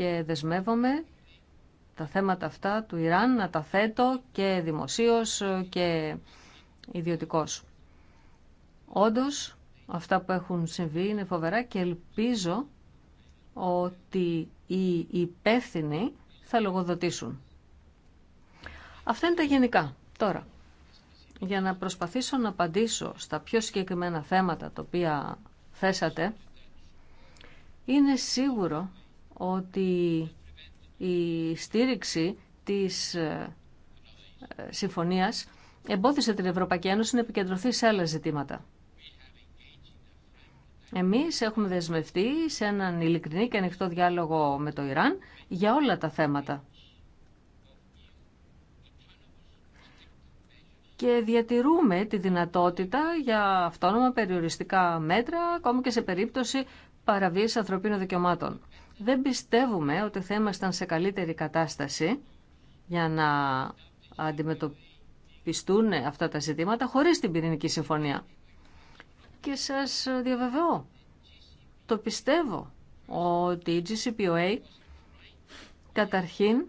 και δεσμεύομαι τα θέματα αυτά του Ιράν να τα θέτω και δημοσίως και ιδιωτικός. Όντως, αυτά που έχουν συμβεί είναι φοβερά και ελπίζω ότι οι υπεύθυνοι θα λογοδοτήσουν. Αυτά είναι τα γενικά. Τώρα, για να προσπαθήσω να απαντήσω στα πιο συγκεκριμένα θέματα τα οποία θέσατε, είναι σίγουρο ότι η στήριξη της ε, συμφωνίας εμπόδισε την Ευρωπαϊκή Ένωση να επικεντρωθεί σε άλλα ζητήματα. Εμείς έχουμε δεσμευτεί σε έναν ειλικρινή και ανοιχτό διάλογο με το Ιράν για όλα τα θέματα. Και διατηρούμε τη δυνατότητα για αυτόνομα περιοριστικά μέτρα, ακόμη και σε περίπτωση παραβίαση ανθρωπίνων δικαιωμάτων δεν πιστεύουμε ότι θα ήμασταν σε καλύτερη κατάσταση για να αντιμετωπιστούν αυτά τα ζητήματα χωρίς την πυρηνική συμφωνία. Και σας διαβεβαιώ, το πιστεύω ότι η GCPOA καταρχήν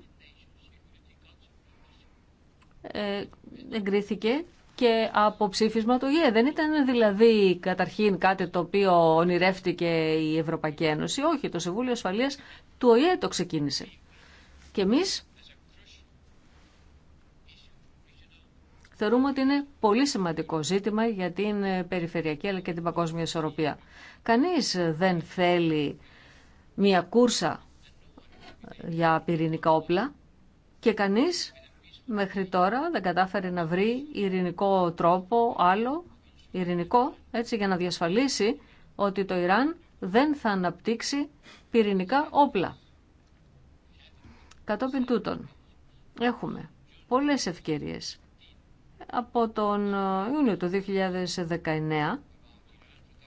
ε, εγκρίθηκε και από ψήφισμα του ΙΕ. Δεν ήταν δηλαδή καταρχήν κάτι το οποίο ονειρεύτηκε η Ευρωπαϊκή Ένωση. Όχι, το Συμβούλιο Ασφαλείας του ΟΗΕ το ξεκίνησε. Και εμείς θεωρούμε ότι είναι πολύ σημαντικό ζήτημα για την περιφερειακή αλλά και την παγκόσμια ισορροπία. Κανείς δεν θέλει μια κούρσα για πυρηνικά όπλα και κανείς μέχρι τώρα δεν κατάφερε να βρει ειρηνικό τρόπο άλλο, ειρηνικό, έτσι για να διασφαλίσει ότι το Ιράν δεν θα αναπτύξει πυρηνικά όπλα. Κατόπιν τούτων, έχουμε πολλές ευκαιρίες. Από τον ε, Ιούνιο του 2019,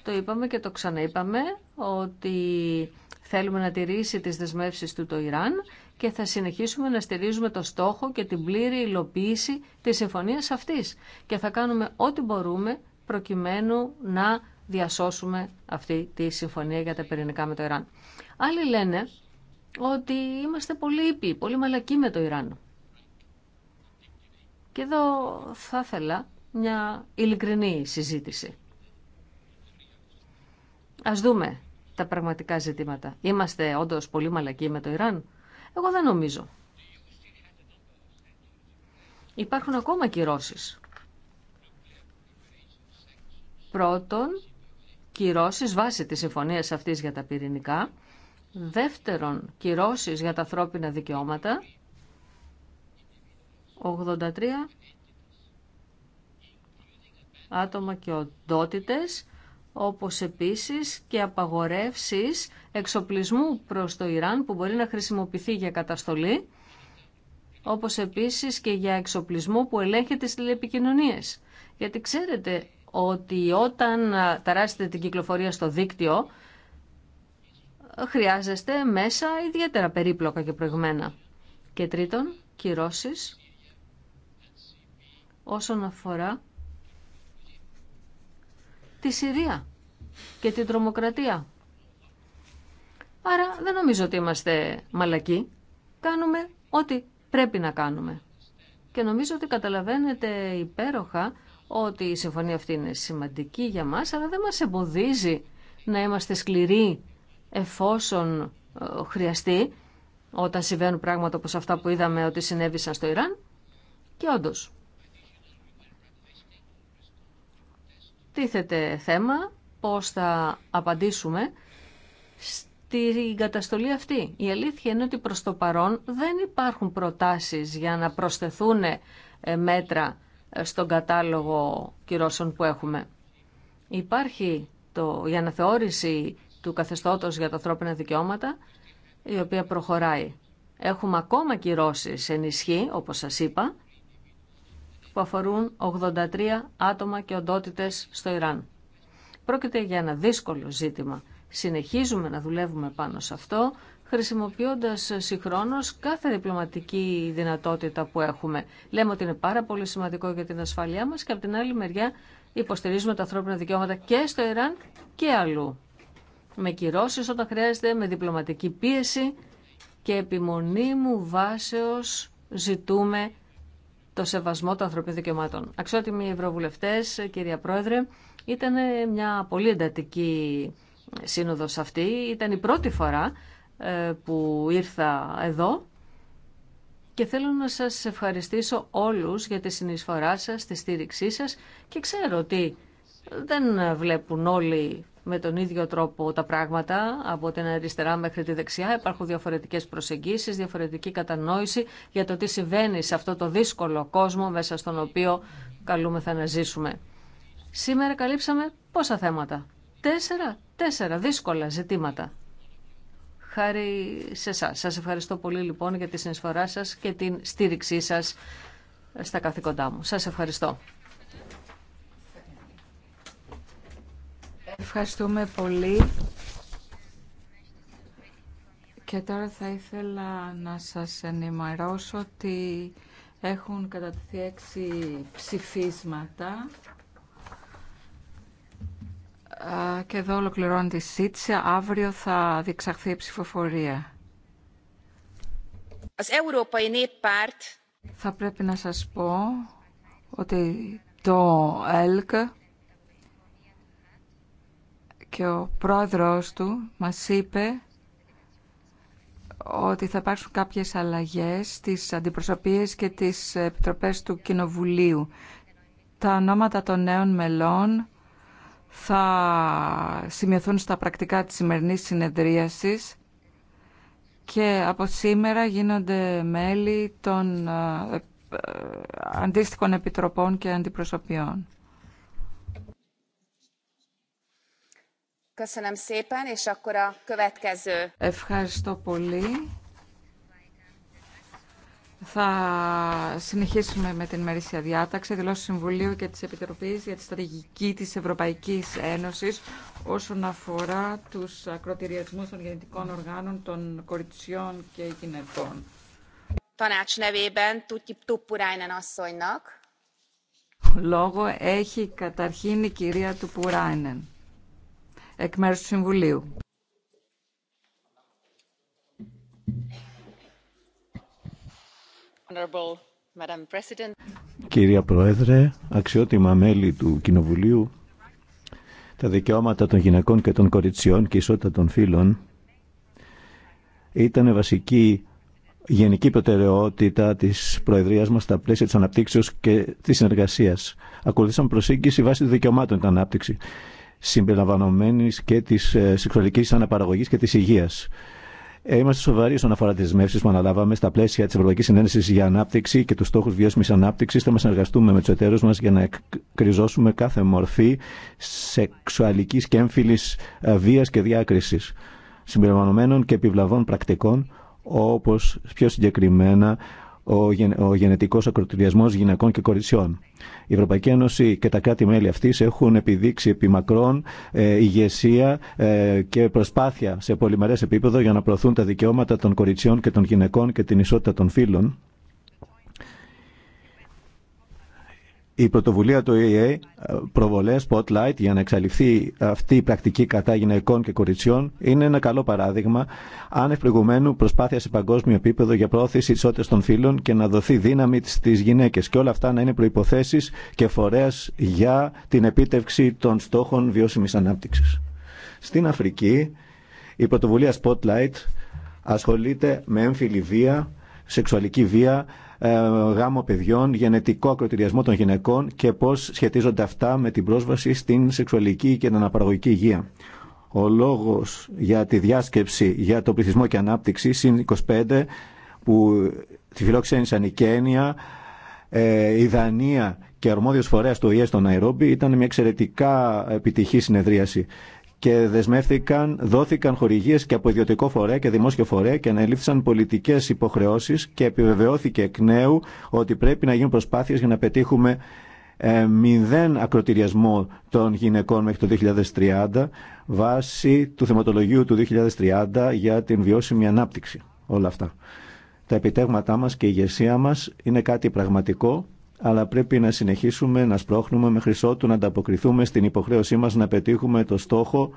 το είπαμε και το ξαναείπαμε, ότι θέλουμε να τηρήσει τις δεσμεύσεις του το Ιράν και θα συνεχίσουμε να στηρίζουμε το στόχο και την πλήρη υλοποίηση της συμφωνίας αυτής και θα κάνουμε ό,τι μπορούμε προκειμένου να διασώσουμε αυτή τη συμφωνία για τα πυρηνικά με το Ιράν. Άλλοι λένε ότι είμαστε πολύ ήπιοι, πολύ μαλακοί με το Ιράν. Και εδώ θα ήθελα μια ειλικρινή συζήτηση. Ας δούμε τα πραγματικά ζητήματα. Είμαστε όντως πολύ μαλακοί με το Ιράν εγώ δεν νομίζω. Υπάρχουν ακόμα κυρώσεις. Πρώτον, κυρώσεις βάσει της συμφωνίας αυτής για τα πυρηνικά. Δεύτερον, κυρώσεις για τα ανθρώπινα δικαιώματα. 83 άτομα και οντότητες όπως επίσης και απαγορεύσεις εξοπλισμού προς το Ιράν που μπορεί να χρησιμοποιηθεί για καταστολή, όπως επίσης και για εξοπλισμό που ελέγχεται στις τηλεπικοινωνίες. Γιατί ξέρετε ότι όταν ταράσετε την κυκλοφορία στο δίκτυο, χρειάζεστε μέσα ιδιαίτερα περίπλοκα και προηγμένα. Και τρίτον, κυρώσεις όσον αφορά τη Συρία και την τρομοκρατία. Άρα δεν νομίζω ότι είμαστε μαλακοί. Κάνουμε ό,τι πρέπει να κάνουμε. Και νομίζω ότι καταλαβαίνετε υπέροχα ότι η συμφωνία αυτή είναι σημαντική για μας, αλλά δεν μας εμποδίζει να είμαστε σκληροί εφόσον ε, χρειαστεί, όταν συμβαίνουν πράγματα όπως αυτά που είδαμε ότι συνέβησαν στο Ιράν. Και όντως, τίθεται θέμα πώς θα απαντήσουμε στην καταστολή αυτή. Η αλήθεια είναι ότι προς το παρόν δεν υπάρχουν προτάσεις για να προσθεθούν ε, μέτρα ε, στον κατάλογο κυρώσεων που έχουμε. Υπάρχει το, η αναθεώρηση του καθεστώτος για τα ανθρώπινα δικαιώματα, η οποία προχωράει. Έχουμε ακόμα κυρώσεις ενισχύ, όπως σας είπα, που αφορούν 83 άτομα και οντότητες στο Ιράν. Πρόκειται για ένα δύσκολο ζήτημα. Συνεχίζουμε να δουλεύουμε πάνω σε αυτό, χρησιμοποιώντας συγχρόνως κάθε διπλωματική δυνατότητα που έχουμε. Λέμε ότι είναι πάρα πολύ σημαντικό για την ασφαλειά μας και από την άλλη μεριά υποστηρίζουμε τα ανθρώπινα δικαιώματα και στο Ιράν και αλλού. Με κυρώσεις όταν χρειάζεται, με διπλωματική πίεση και επιμονή μου βάσεως ζητούμε το σεβασμό των ανθρωπίνων δικαιωμάτων. Αξιότιμοι Ευρωβουλευτέ, κυρία Πρόεδρε, ήταν μια πολύ εντατική σύνοδος αυτή. Ήταν η πρώτη φορά ε, που ήρθα εδώ και θέλω να σας ευχαριστήσω όλους για τη συνεισφορά σας, τη στήριξή σας και ξέρω ότι δεν βλέπουν όλοι με τον ίδιο τρόπο τα πράγματα από την αριστερά μέχρι τη δεξιά. Υπάρχουν διαφορετικές προσεγγίσεις, διαφορετική κατανόηση για το τι συμβαίνει σε αυτό το δύσκολο κόσμο μέσα στον οποίο καλούμεθα να ζήσουμε. Σήμερα καλύψαμε πόσα θέματα. Τέσσερα, τέσσερα δύσκολα ζητήματα. Χάρη σε εσά. Σας ευχαριστώ πολύ λοιπόν για τη συνεισφορά σας και την στήριξή σα στα καθήκοντά μου. Σα ευχαριστώ. Ευχαριστούμε πολύ. Και τώρα θα ήθελα να σας ενημερώσω ότι έχουν κατατεθεί έξι ψηφίσματα. Και εδώ ολοκληρώνει τη σύντηση. Αύριο θα διεξαχθεί η ψηφοφορία. Θα πρέπει να σας πω ότι το ΕΛΚ και ο πρόεδρος του μας είπε ότι θα υπάρξουν κάποιες αλλαγές στις αντιπροσωπείες και τις επιτροπές του Κοινοβουλίου. Τα ονόματα των νέων μελών θα σημειωθούν στα πρακτικά της σημερινής συνεδρίασης και από σήμερα γίνονται μέλη των ε, ε, αντίστοιχων επιτροπών και αντιπροσωπιών. Ευχαριστώ πολύ. Θα συνεχίσουμε με την ημερήσια διάταξη, δηλώσει Συμβουλίου και τη Επιτροπή για τη στρατηγική της Ευρωπαϊκής Ένωσης όσον αφορά τους ακροτηριασμούς των γεννητικών οργάνων των κοριτσιών και γυναικών. Λόγο έχει καταρχήν η κυρία του Πουράινεν εκ μέρους του Συμβουλίου. Κυρία Πρόεδρε, αξιότιμα μέλη του Κοινοβουλίου, τα δικαιώματα των γυναικών και των κοριτσιών και η ισότητα των φίλων ήταν βασική γενική προτεραιότητα της Προεδρίας μας στα πλαίσια της αναπτύξεως και της συνεργασίας. Ακολουθήσαμε προσήγγιση βάσει των δικαιωμάτων την ανάπτυξη συμπεριλαμβανομένης και τη ε, σεξουαλική αναπαραγωγή και της υγείας. Ε, είμαστε σοβαροί όσον αφορά τι δεσμεύσει που αναλάβαμε στα πλαίσια τη Ευρωπαϊκή Συνένεση για Ανάπτυξη και του στόχου βιώσιμη ανάπτυξη. Θα να συνεργαστούμε με του εταίρου μα για να εκκριζώσουμε κάθε μορφή σεξουαλική και έμφυλη ε, βία και διάκριση συμπεριλαμβανομένων και επιβλαβών πρακτικών, όπω πιο συγκεκριμένα ο, γεν, ο γενετικό ακροτηριασμό γυναικών και κοριτσιών. Η Ευρωπαϊκή Ένωση και τα κράτη-μέλη αυτή έχουν επιδείξει επιμακρών ε, ηγεσία ε, και προσπάθεια σε πολυμερέ επίπεδο για να προωθούν τα δικαιώματα των κοριτσιών και των γυναικών και την ισότητα των φύλων η πρωτοβουλία του ΕΕ προβολέ Spotlight για να εξαλειφθεί αυτή η πρακτική κατά γυναικών και κοριτσιών είναι ένα καλό παράδειγμα άνευ προηγουμένου προσπάθεια σε παγκόσμιο επίπεδο για πρόθεση ισότητα των φύλων και να δοθεί δύναμη στι γυναίκε. Και όλα αυτά να είναι προποθέσει και φορέα για την επίτευξη των στόχων βιώσιμη ανάπτυξη. Στην Αφρική, η πρωτοβουλία Spotlight ασχολείται με έμφυλη βία, σεξουαλική βία, ε, γάμο παιδιών, γενετικό ακροτηριασμό των γυναικών και πώς σχετίζονται αυτά με την πρόσβαση στην σεξουαλική και την αναπαραγωγική υγεία. Ο λόγος για τη διάσκεψη για το πληθυσμό και ανάπτυξη, συν 25, που τη φιλόξενησαν η Κένια, ε, η Δανία και αρμόδιος φορέας του ΟΗΕ στο Ναϊρόμπι ήταν μια εξαιρετικά επιτυχή συνεδρίαση και δεσμεύτηκαν, δόθηκαν χορηγίε και από ιδιωτικό φορέα και δημόσιο φορέα και ανελήφθησαν πολιτικέ υποχρεώσει και επιβεβαιώθηκε εκ νέου ότι πρέπει να γίνουν προσπάθειε για να πετύχουμε ε, μηδέν ακροτηριασμό των γυναικών μέχρι το 2030 βάσει του θεματολογίου του 2030 για την βιώσιμη ανάπτυξη. Όλα αυτά. Τα επιτέγματά μας και η ηγεσία μας είναι κάτι πραγματικό αλλά πρέπει να συνεχίσουμε να σπρώχνουμε με χρυσότου να ανταποκριθούμε στην υποχρέωσή μας να πετύχουμε το στόχο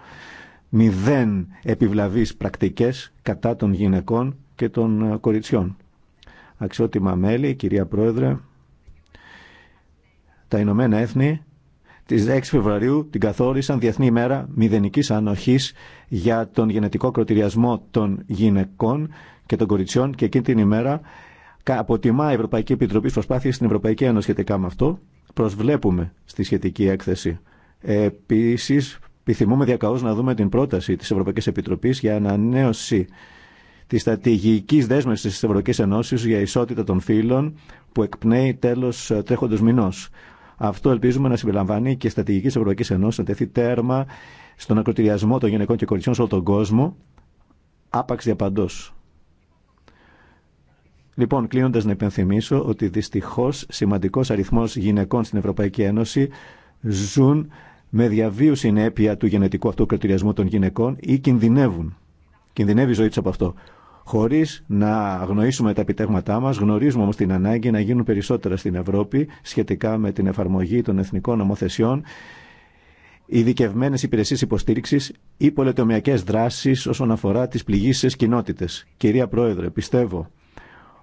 μηδέν επιβλαβείς πρακτικές κατά των γυναικών και των ε, κοριτσιών. Αξιότιμα μέλη, κυρία Πρόεδρε, τα Ηνωμένα Έθνη τις 6 Φεβρουαρίου την καθόρισαν Διεθνή ημέρα μηδενικής ανοχής για τον γενετικό κροτηριασμό των γυναικών και των κοριτσιών και εκείνη την ημέρα αποτιμά η Ευρωπαϊκή Επιτροπή προσπάθειες στην Ευρωπαϊκή Ένωση σχετικά με αυτό. Προσβλέπουμε στη σχετική έκθεση. Επίση, επιθυμούμε διακαώς να δούμε την πρόταση της Ευρωπαϊκής Επιτροπής για ανανέωση της στρατηγικής δέσμευσης της Ευρωπαϊκής Ενώσης για ισότητα των φύλων που εκπνέει τέλος τρέχοντος μηνός. Αυτό ελπίζουμε να συμπεριλαμβάνει και στρατηγική Ευρωπαϊκή Ένωση, Ενώσης να τεθεί τέρμα στον ακροτηριασμό των γυναικών και κοριτσιών σε όλο τον κόσμο, άπαξ διαπαντός. Λοιπόν, κλείνοντα να υπενθυμίσω ότι δυστυχώ σημαντικό αριθμό γυναικών στην Ευρωπαϊκή Ένωση ζουν με διαβίου συνέπεια του γενετικού αυτοκρατηριασμού των γυναικών ή κινδυνεύουν. Κινδυνεύει η ζωή του από αυτό. Χωρί να αγνοήσουμε τα επιτέγματά μα, γνωρίζουμε όμω την ανάγκη να γίνουν περισσότερα στην Ευρώπη σχετικά με την εφαρμογή των εθνικών νομοθεσιών, ειδικευμένε υπηρεσίε υποστήριξη ή πολετομιακέ δράσει όσον αφορά τι πληγήσει κοινότητε. Κυρία Πρόεδρε, πιστεύω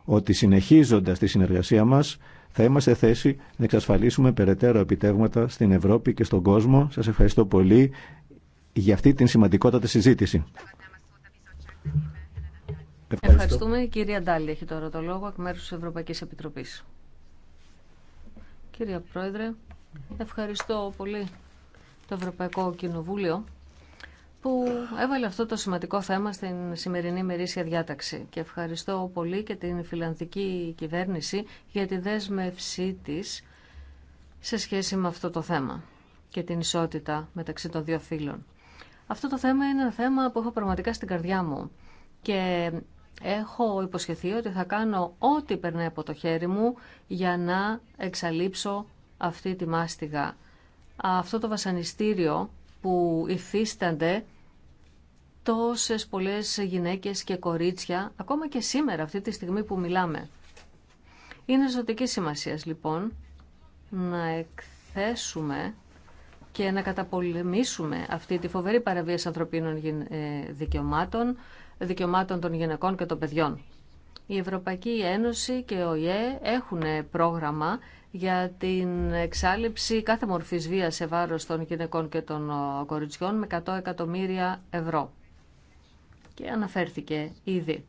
ότι συνεχίζοντας τη συνεργασία μας θα είμαστε θέση να εξασφαλίσουμε περαιτέρω επιτεύγματα στην Ευρώπη και στον κόσμο. Σας ευχαριστώ πολύ για αυτή την σημαντικότατη συζήτηση. Ευχαριστώ. Ευχαριστούμε. Η κυρία Ντάλη έχει τώρα το λόγο εκ μέρου τη Ευρωπαϊκής Επιτροπής. Κυρία Πρόεδρε, ευχαριστώ πολύ το Ευρωπαϊκό Κοινοβούλιο που έβαλε αυτό το σημαντικό θέμα στην σημερινή μερίσια διάταξη. Και ευχαριστώ πολύ και την φιλανδική κυβέρνηση για τη δέσμευσή της σε σχέση με αυτό το θέμα και την ισότητα μεταξύ των δύο φίλων. Αυτό το θέμα είναι ένα θέμα που έχω πραγματικά στην καρδιά μου και έχω υποσχεθεί ότι θα κάνω ό,τι περνάει από το χέρι μου για να εξαλείψω αυτή τη μάστιγα. Αυτό το βασανιστήριο που υφίστανται τόσες πολλές γυναίκες και κορίτσια, ακόμα και σήμερα αυτή τη στιγμή που μιλάμε. Είναι ζωτική σημασία λοιπόν να εκθέσουμε και να καταπολεμήσουμε αυτή τη φοβερή παραβίαση ανθρωπίνων ε, δικαιωμάτων, δικαιωμάτων των γυναικών και των παιδιών. Η Ευρωπαϊκή Ένωση και ο ΙΕ έχουν πρόγραμμα για την εξάλληψη κάθε μορφής βίας σε βάρος των γυναικών και των ε, κοριτσιών με 100 εκατομμύρια ευρώ και αναφέρθηκε ήδη.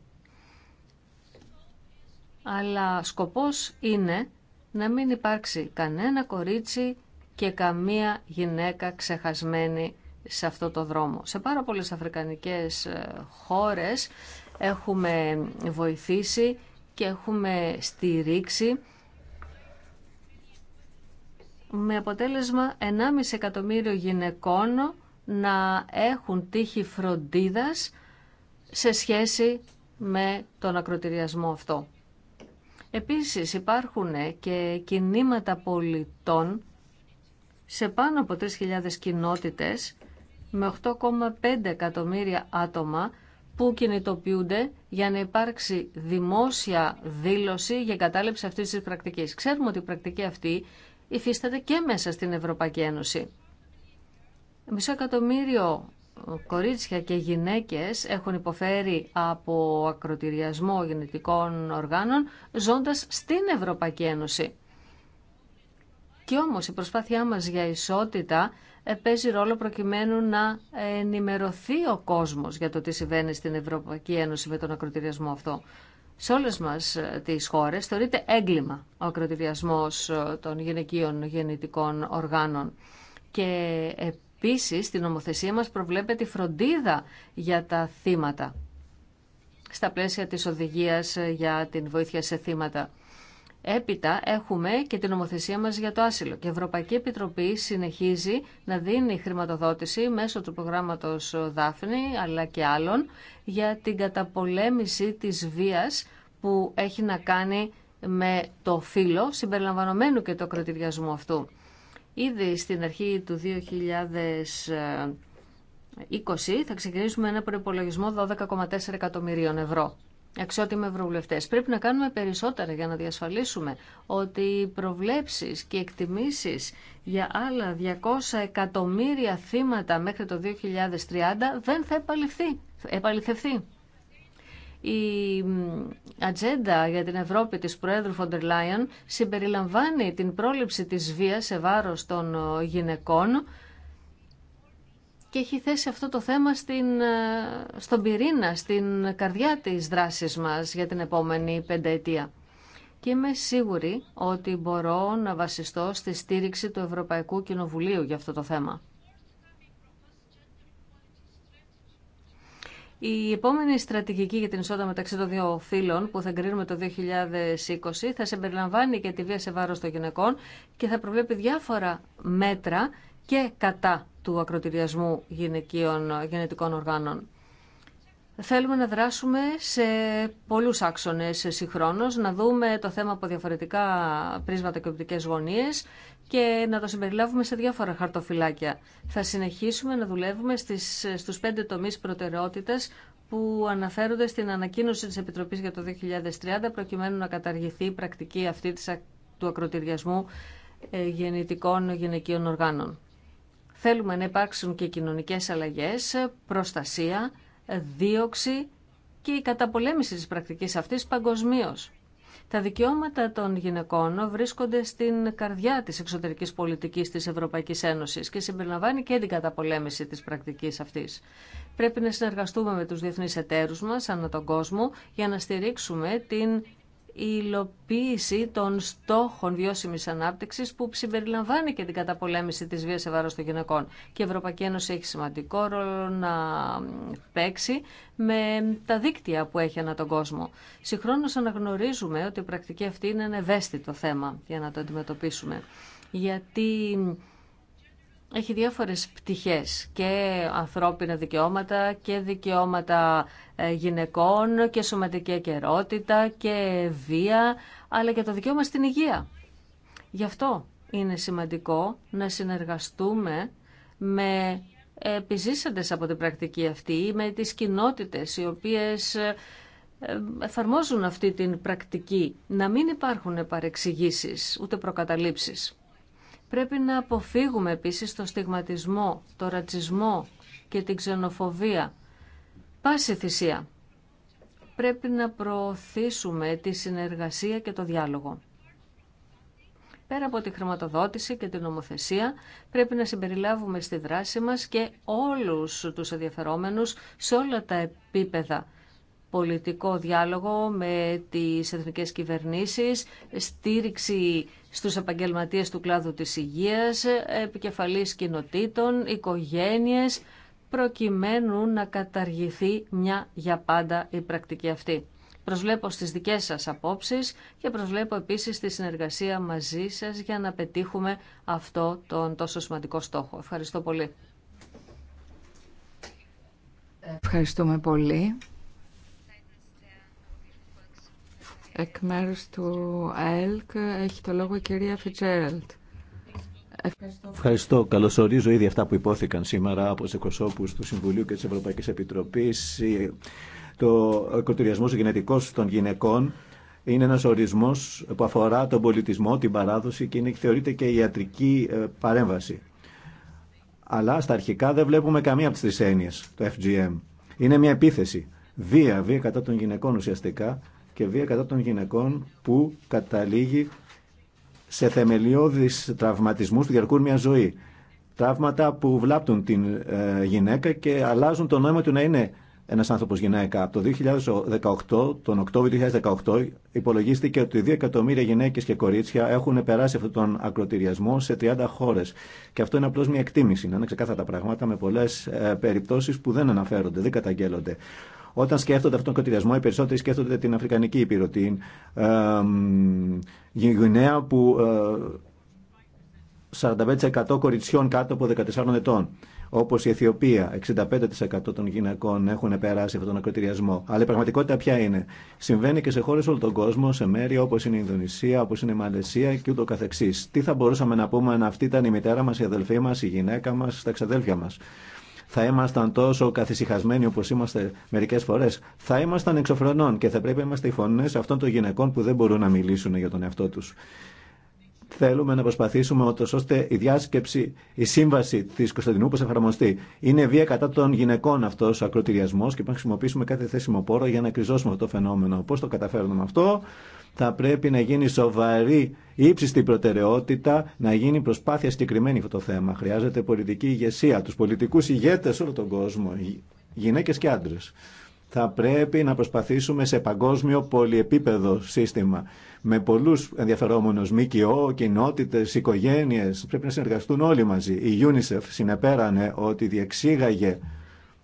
Αλλά σκοπός είναι να μην υπάρξει κανένα κορίτσι και καμία γυναίκα ξεχασμένη σε αυτό το δρόμο. Σε πάρα πολλές αφρικανικές ε, χώρες έχουμε βοηθήσει και έχουμε στηρίξει με αποτέλεσμα 1,5 εκατομμύριο γυναικών να έχουν τύχη φροντίδας σε σχέση με τον ακροτηριασμό αυτό. Επίσης υπάρχουν και κινήματα πολιτών σε πάνω από 3.000 κοινότητες με 8,5 εκατομμύρια άτομα που κινητοποιούνται για να υπάρξει δημόσια δήλωση για κατάληψη αυτής της πρακτικής. Ξέρουμε ότι η πρακτική αυτή υφίσταται και μέσα στην Ευρωπαϊκή Ένωση. Μισό εκατομμύριο κορίτσια και γυναίκες έχουν υποφέρει από ακροτηριασμό γενετικών οργάνων ζώντας στην Ευρωπαϊκή Ένωση. Και όμως η προσπάθειά μας για ισότητα ε, παίζει ρόλο προκειμένου να ενημερωθεί ο κόσμος για το τι συμβαίνει στην Ευρωπαϊκή Ένωση με τον ακροτηριασμό αυτό. Σε όλες μας ε, τις χώρες θεωρείται έγκλημα ο ακροτηριασμός ε, των γυναικείων γεννητικών οργάνων και Επίση, στην νομοθεσία μας προβλέπεται τη φροντίδα για τα θύματα στα πλαίσια της οδηγίας ε, για την βοήθεια σε θύματα. Έπειτα έχουμε και την νομοθεσία μας για το άσυλο και η Ευρωπαϊκή Επιτροπή συνεχίζει να δίνει χρηματοδότηση μέσω του προγράμματος ε, Δάφνη αλλά και άλλων για την καταπολέμηση της βίας που έχει να κάνει με το φύλλο συμπεριλαμβανομένου και το κρατηριασμό αυτού. Ήδη στην αρχή του 2020 θα ξεκινήσουμε ένα προπολογισμό 12,4 εκατομμυρίων ευρώ. Αξιότιμοι ευρωβουλευτέ, πρέπει να κάνουμε περισσότερα για να διασφαλίσουμε ότι οι προβλέψει και εκτιμήσει για άλλα 200 εκατομμύρια θύματα μέχρι το 2030 δεν θα επαληθευτεί. Η ατζέντα για την Ευρώπη της Προέδρου Φοντερ Λάιον συμπεριλαμβάνει την πρόληψη της βίας σε βάρος των ε, γυναικών και έχει θέσει αυτό το θέμα στην, ε, στον πυρήνα, στην καρδιά της δράσης μας για την επόμενη πενταετία. Και είμαι σίγουρη ότι μπορώ να βασιστώ στη στήριξη του Ευρωπαϊκού Κοινοβουλίου για αυτό το θέμα. Η επόμενη στρατηγική για την ισότητα μεταξύ των δύο φύλων που θα εγκρίνουμε το 2020 θα συμπεριλαμβάνει και τη βία σε βάρος των γυναικών και θα προβλέπει διάφορα μέτρα και κατά του ακροτηριασμού γυναικείων γενετικών οργάνων. Θέλουμε να δράσουμε σε πολλούς άξονες συγχρόνως, να δούμε το θέμα από διαφορετικά πρίσματα και οπτικές γωνίες, και να το συμπεριλάβουμε σε διάφορα χαρτοφυλάκια. Θα συνεχίσουμε να δουλεύουμε στις, στους πέντε τομείς προτεραιότητας που αναφέρονται στην ανακοίνωση της Επιτροπής για το 2030 προκειμένου να καταργηθεί η πρακτική αυτή της, του ακροτηριασμού ε, γεννητικών γυναικείων οργάνων. Θέλουμε να υπάρξουν και κοινωνικές αλλαγές, προστασία, δίωξη και η καταπολέμηση της πρακτικής αυτής παγκοσμίω. Τα δικαιώματα των γυναικών βρίσκονται στην καρδιά της εξωτερικής πολιτικής της Ευρωπαϊκής Ένωσης και συμπεριλαμβάνει και την καταπολέμηση της πρακτικής αυτής. Πρέπει να συνεργαστούμε με τους διεθνείς εταίρους μας ανά τον κόσμο για να στηρίξουμε την η υλοποίηση των στόχων βιώσιμη ανάπτυξη που συμπεριλαμβάνει και την καταπολέμηση τη βία σε βάρο των γυναικών. Και η Ευρωπαϊκή Ένωση έχει σημαντικό ρόλο να παίξει με τα δίκτυα που έχει ανά τον κόσμο. Συγχρόνω αναγνωρίζουμε ότι η πρακτική αυτή είναι ένα ευαίσθητο θέμα για να το αντιμετωπίσουμε. Γιατί έχει διάφορες πτυχές και ανθρώπινα δικαιώματα και δικαιώματα ε, γυναικών και σωματική ακερότητα και βία, αλλά και το δικαίωμα στην υγεία. Γι' αυτό είναι σημαντικό να συνεργαστούμε με επιζήσαντες από την πρακτική αυτή ή με τις κοινότητες οι οποίες ε, εφαρμόζουν αυτή την πρακτική, να μην υπάρχουν παρεξηγήσεις ούτε προκαταλήψεις. Πρέπει να αποφύγουμε επίσης το στιγματισμό, το ρατσισμό και την ξενοφοβία. Πάση θυσία. Πρέπει να προωθήσουμε τη συνεργασία και το διάλογο. Πέρα από τη χρηματοδότηση και την νομοθεσία, πρέπει να συμπεριλάβουμε στη δράση μας και όλους τους ενδιαφερόμενους σε όλα τα επίπεδα πολιτικό διάλογο με τις εθνικές κυβερνήσεις, στήριξη στους επαγγελματίες του κλάδου της υγείας, επικεφαλής κοινοτήτων, οικογένειες, προκειμένου να καταργηθεί μια για πάντα η πρακτική αυτή. Προσβλέπω στις δικές σας απόψεις και προσβλέπω επίσης τη συνεργασία μαζί σας για να πετύχουμε αυτό τον τόσο σημαντικό στόχο. Ευχαριστώ πολύ. Ευχαριστούμε πολύ. Εκ μέρους του ΑΕΛΚ έχει το λόγο η κυρία Φιτζέραλτ. Ευχαριστώ. Καλωσορίζω ήδη αυτά που υπόθηκαν σήμερα από τους εκπροσώπου του Συμβουλίου και τη Ευρωπαϊκή Επιτροπή. Το οικοτηριασμό γενετικός των γυναικών είναι ένας ορισμός που αφορά τον πολιτισμό, την παράδοση και είναι, θεωρείται και ιατρική ε, παρέμβαση. Αλλά στα αρχικά δεν βλέπουμε καμία από τι τρει το FGM. Είναι μια επίθεση. Βία, βία κατά των γυναικών ουσιαστικά και βία κατά των γυναικών που καταλήγει σε θεμελιώδεις τραυματισμούς που διαρκούν μια ζωή. Τραύματα που βλάπτουν την ε, γυναίκα και αλλάζουν το νόημα του να είναι ένας άνθρωπος γυναίκα. Από το 2018, τον Οκτώβριο 2018, υπολογίστηκε ότι 2 εκατομμύρια γυναίκες και κορίτσια έχουν περάσει αυτόν τον ακροτηριασμό σε 30 χώρες. Και αυτό είναι απλώς μια εκτίμηση, να είναι ξεκάθαρα τα πράγματα με πολλές ε, περιπτώσεις που δεν αναφέρονται, δεν καταγγέλλονται. Όταν σκέφτονται αυτόν τον κοτιδιασμό, οι περισσότεροι σκέφτονται την Αφρικανική Ήπειρο, την Γουινέα που 45% ε, κοριτσιών κάτω από 14 ετών. Όπω η Αιθιοπία, 65% των γυναικών έχουν περάσει αυτόν τον ακροτηριασμό. Αλλά η πραγματικότητα ποια είναι. Συμβαίνει και σε χώρε όλο τον κόσμο, σε μέρη όπω είναι η Ινδονησία, όπω είναι η Μαλαισία και ούτω καθεξής. Τι θα μπορούσαμε να πούμε αν αυτή ήταν η μητέρα μα, η αδελφή μα, η γυναίκα μα, τα ξαδέλφια μα θα ήμασταν τόσο καθησυχασμένοι όπω είμαστε μερικέ φορέ. Θα ήμασταν εξωφρενών και θα πρέπει να είμαστε οι φωνέ αυτών των γυναικών που δεν μπορούν να μιλήσουν για τον εαυτό του. Θέλουμε να προσπαθήσουμε ώστε η διάσκεψη, η σύμβαση τη Κωνσταντινούπολη εφαρμοστεί. Είναι βία κατά των γυναικών αυτό ο ακροτηριασμό και πρέπει να χρησιμοποιήσουμε κάθε θέσιμο πόρο για να κρυζώσουμε αυτό το φαινόμενο. Πώ το καταφέρνουμε αυτό, θα πρέπει να γίνει σοβαρή ύψιστη προτεραιότητα, να γίνει προσπάθεια συγκεκριμένη αυτό το θέμα. Χρειάζεται πολιτική ηγεσία, τους πολιτικούς ηγέτες όλο τον κόσμο, γυναίκες και άντρες. Θα πρέπει να προσπαθήσουμε σε παγκόσμιο πολυεπίπεδο σύστημα με πολλούς ενδιαφερόμενους ΜΚΟ, κοινότητες, οικογένειες. Πρέπει να συνεργαστούν όλοι μαζί. Η UNICEF συνεπέρανε ότι διεξήγαγε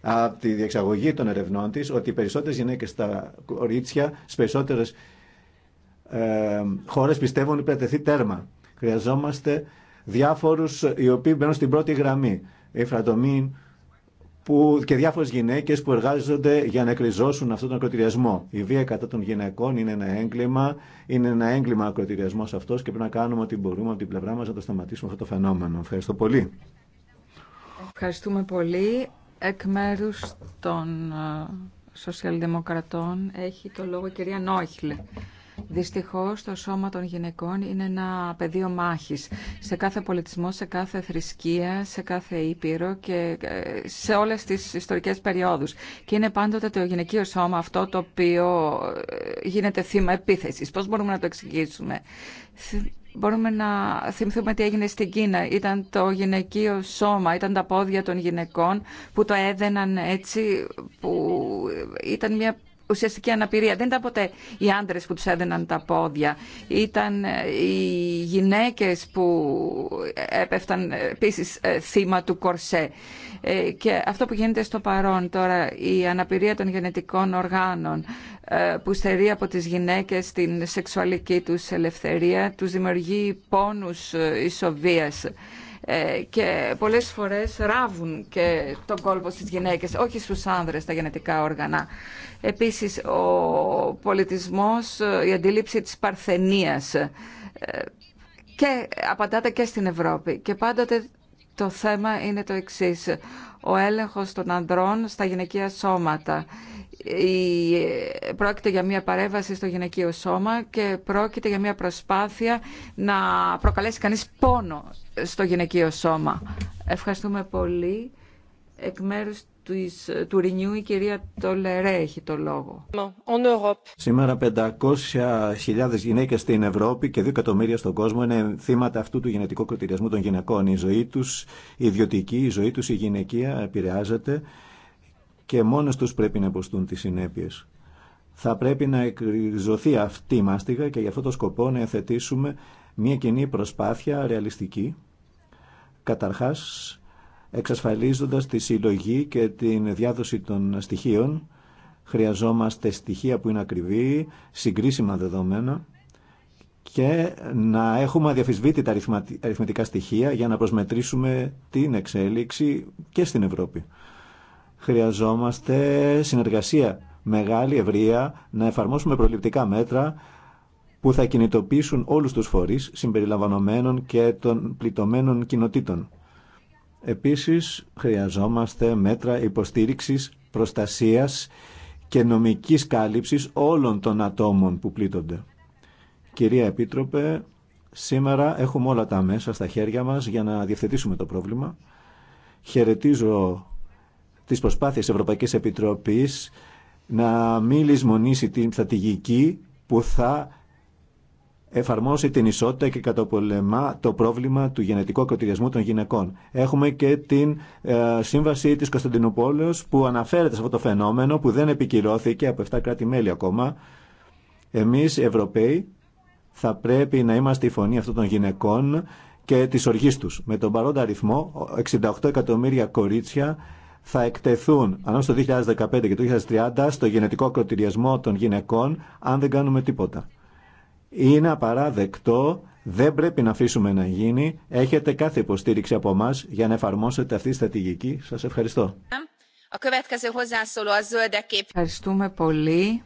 από τη διεξαγωγή των ερευνών τη ότι οι περισσότερε γυναίκε στα κορίτσια, στι περισσότερε ε, χώρες πιστεύουν ότι πρέπει τέρμα. Χρειαζόμαστε διάφορους οι οποίοι μπαίνουν στην πρώτη γραμμή. οι που και διάφορες γυναίκες που εργάζονται για να εκριζώσουν αυτόν τον ακροτηριασμό. Η βία κατά των γυναικών είναι ένα έγκλημα, είναι ένα έγκλημα ακροτηριασμό αυτό και πρέπει να κάνουμε ό,τι μπορούμε από την πλευρά μας να το σταματήσουμε αυτό το φαινόμενο. Ευχαριστώ πολύ. Ευχαριστούμε πολύ. Εκ μέρου των ε, σοσιαλδημοκρατών έχει το λόγο η κυρία Νόχλε. Δυστυχώς το σώμα των γυναικών είναι ένα πεδίο μάχης σε κάθε πολιτισμό, σε κάθε θρησκεία, σε κάθε ήπειρο και ε, σε όλες τις ιστορικές περιόδους. Και είναι πάντοτε το γυναικείο σώμα αυτό το οποίο ε, γίνεται θύμα επίθεσης. Πώς μπορούμε να το εξηγήσουμε. Μπορούμε να θυμηθούμε τι έγινε στην Κίνα. Ήταν το γυναικείο σώμα, ήταν τα πόδια των γυναικών που το έδαιναν έτσι, που ήταν μια ουσιαστική αναπηρία. Δεν ήταν ποτέ οι άντρε που του έδαιναν τα πόδια. Ήταν ε, οι γυναίκε που έπεφταν ε, επίση ε, θύμα του κορσέ. Και αυτό που γίνεται στο παρόν τώρα, η αναπηρία των γενετικών οργάνων που στερεί από τις γυναίκες την σεξουαλική τους ελευθερία, τους δημιουργεί πόνους ισοβίας. Ε, και πολλές φορές ράβουν και τον κόλπο στις γυναίκες, όχι στους άνδρες τα γενετικά όργανα. Επίσης, ο πολιτισμός, η αντίληψη της παρθενίας ε, και απαντάται και στην Ευρώπη. Και πάντοτε το θέμα είναι το εξής. Ο έλεγχος των ανδρών στα γυναικεία σώματα ε, πρόκειται για μια παρέμβαση στο γυναικείο σώμα και πρόκειται για μια προσπάθεια να προκαλέσει κανείς πόνο στο γυναικείο σώμα. Ευχαριστούμε πολύ. Εκ μέρους του Ρινιού η κυρία Τολερέ έχει το λόγο. Σήμερα 500.000 γυναίκες στην Ευρώπη και 2 εκατομμύρια στον κόσμο είναι θύματα αυτού του γενετικού κροτηριασμού των γυναικών. Η ζωή τους, η ιδιωτική, η ζωή τους, η γυναικεία επηρεάζεται και μόνος τους πρέπει να υποστούν τις συνέπειες. Θα πρέπει να εκριζωθεί αυτή η μάστιγα και για αυτό το σκοπό να εθετήσουμε μια κοινή προσπάθεια ρεαλιστική, καταρχάς εξασφαλίζοντας τη συλλογή και την διάδοση των στοιχείων. Χρειαζόμαστε στοιχεία που είναι ακριβή, συγκρίσιμα δεδομένα και να έχουμε αδιαφυσβήτητα αριθματικά στοιχεία για να προσμετρήσουμε την εξέλιξη και στην Ευρώπη. Χρειαζόμαστε συνεργασία μεγάλη, ευρεία, να εφαρμόσουμε προληπτικά μέτρα που θα κινητοποιήσουν όλους τους φορείς συμπεριλαμβανομένων και των πληττωμένων κοινοτήτων. Επίσης, χρειαζόμαστε μέτρα υποστήριξης, προστασίας και νομικής κάλυψης όλων των ατόμων που πλήττονται. Κυρία Επίτροπε, σήμερα έχουμε όλα τα μέσα στα χέρια μας για να διευθετήσουμε το πρόβλημα. Χαιρετίζω τις προσπάθειες της Ευρωπαϊκής Επιτροπής να μην λησμονήσει την στρατηγική που θα εφαρμόσει την ισότητα και καταπολεμά το πρόβλημα του γενετικού ακροτηριασμού των γυναικών. Έχουμε και την ε, σύμβαση της Κωνσταντινούπολης που αναφέρεται σε αυτό το φαινόμενο που δεν επικυρώθηκε από 7 κράτη-μέλη ακόμα. Εμείς οι Ευρωπαίοι θα πρέπει να είμαστε η φωνή αυτών των γυναικών και της οργής τους. Με τον παρόντα αριθμό 68 εκατομμύρια κορίτσια θα εκτεθούν ανάμεσα στο 2015 και το 2030 στο γενετικό ακροτηριασμό των γυναικών αν δεν κάνουμε τίποτα. Είναι απαράδεκτο, δεν πρέπει να αφήσουμε να γίνει. Έχετε κάθε υποστήριξη από εμά για να εφαρμόσετε αυτή τη στρατηγική. Σας ευχαριστώ. Ευχαριστούμε πολύ.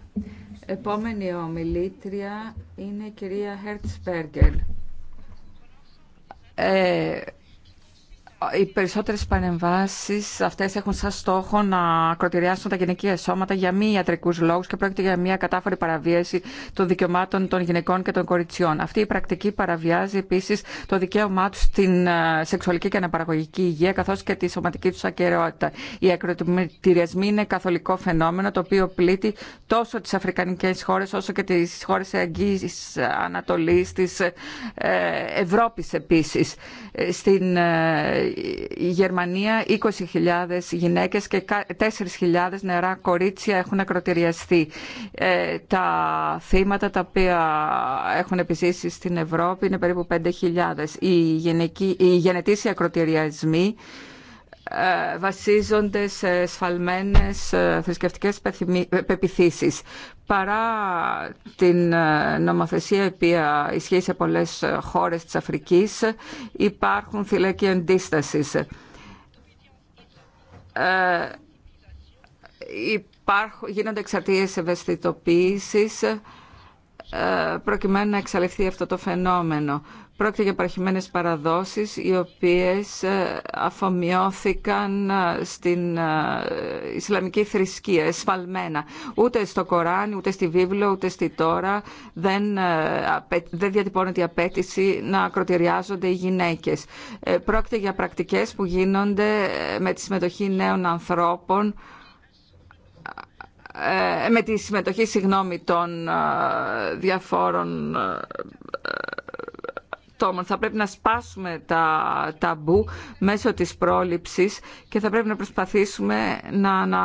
Επόμενη ομιλήτρια είναι η κυρία Χέρτσπεργκελ οι περισσότερες παρεμβάσεις αυτές έχουν σαν στόχο να ακροτηριάσουν τα γυναικεία σώματα για μη ιατρικούς λόγους και πρόκειται για μια κατάφορη παραβίαση των δικαιωμάτων των γυναικών και των κοριτσιών. Αυτή η πρακτική παραβιάζει επίσης το δικαίωμά τους στην ε, σεξουαλική και αναπαραγωγική υγεία καθώς και τη σωματική τους ακαιρεότητα. Οι ακροτηριασμοί είναι καθολικό φαινόμενο το οποίο πλήττει τόσο τις αφρικανικές χώρες όσο και τις χώρες Αγγής Ανατολής, της ε, Ευρώπης επίσης. Ε, στην η Γερμανία 20.000 γυναίκες και 4.000 νερά κορίτσια έχουν ακροτηριαστεί. Ε, τα θύματα τα οποία έχουν επιζήσει στην Ευρώπη είναι περίπου 5.000. Οι, γενετήσιοι ακροτηριασμοί ε, βασίζονται σε σφαλμένες ε, θρησκευτικές πεπιθήσεις. Παρά την ε, νομοθεσία η οποία ισχύει σε πολλές χώρες της Αφρικής υπάρχουν θηλαίκοι αντίστασης. υπάρχουν, γίνονται εξαρτίες ευαισθητοποίησης προκειμένου να εξαλειφθεί αυτό το φαινόμενο. Πρόκειται για παραχημένες παραδόσεις οι οποίες ε, αφομοιώθηκαν ε, στην ε, Ισλαμική θρησκεία, εσφαλμένα. Ούτε στο Κοράνι, ούτε στη Βίβλο, ούτε στη Τώρα δεν, δεν διατυπώνεται η απέτηση να ακροτηριάζονται οι γυναίκες. Πρόκειται για πρακτικές που γίνονται με τη συμμετοχή νέων ανθρώπων με τη συμμετοχή συγγνώμη των διαφόρων θα πρέπει να σπάσουμε τα ταμπού μέσω της πρόληψης και θα πρέπει να προσπαθήσουμε να, να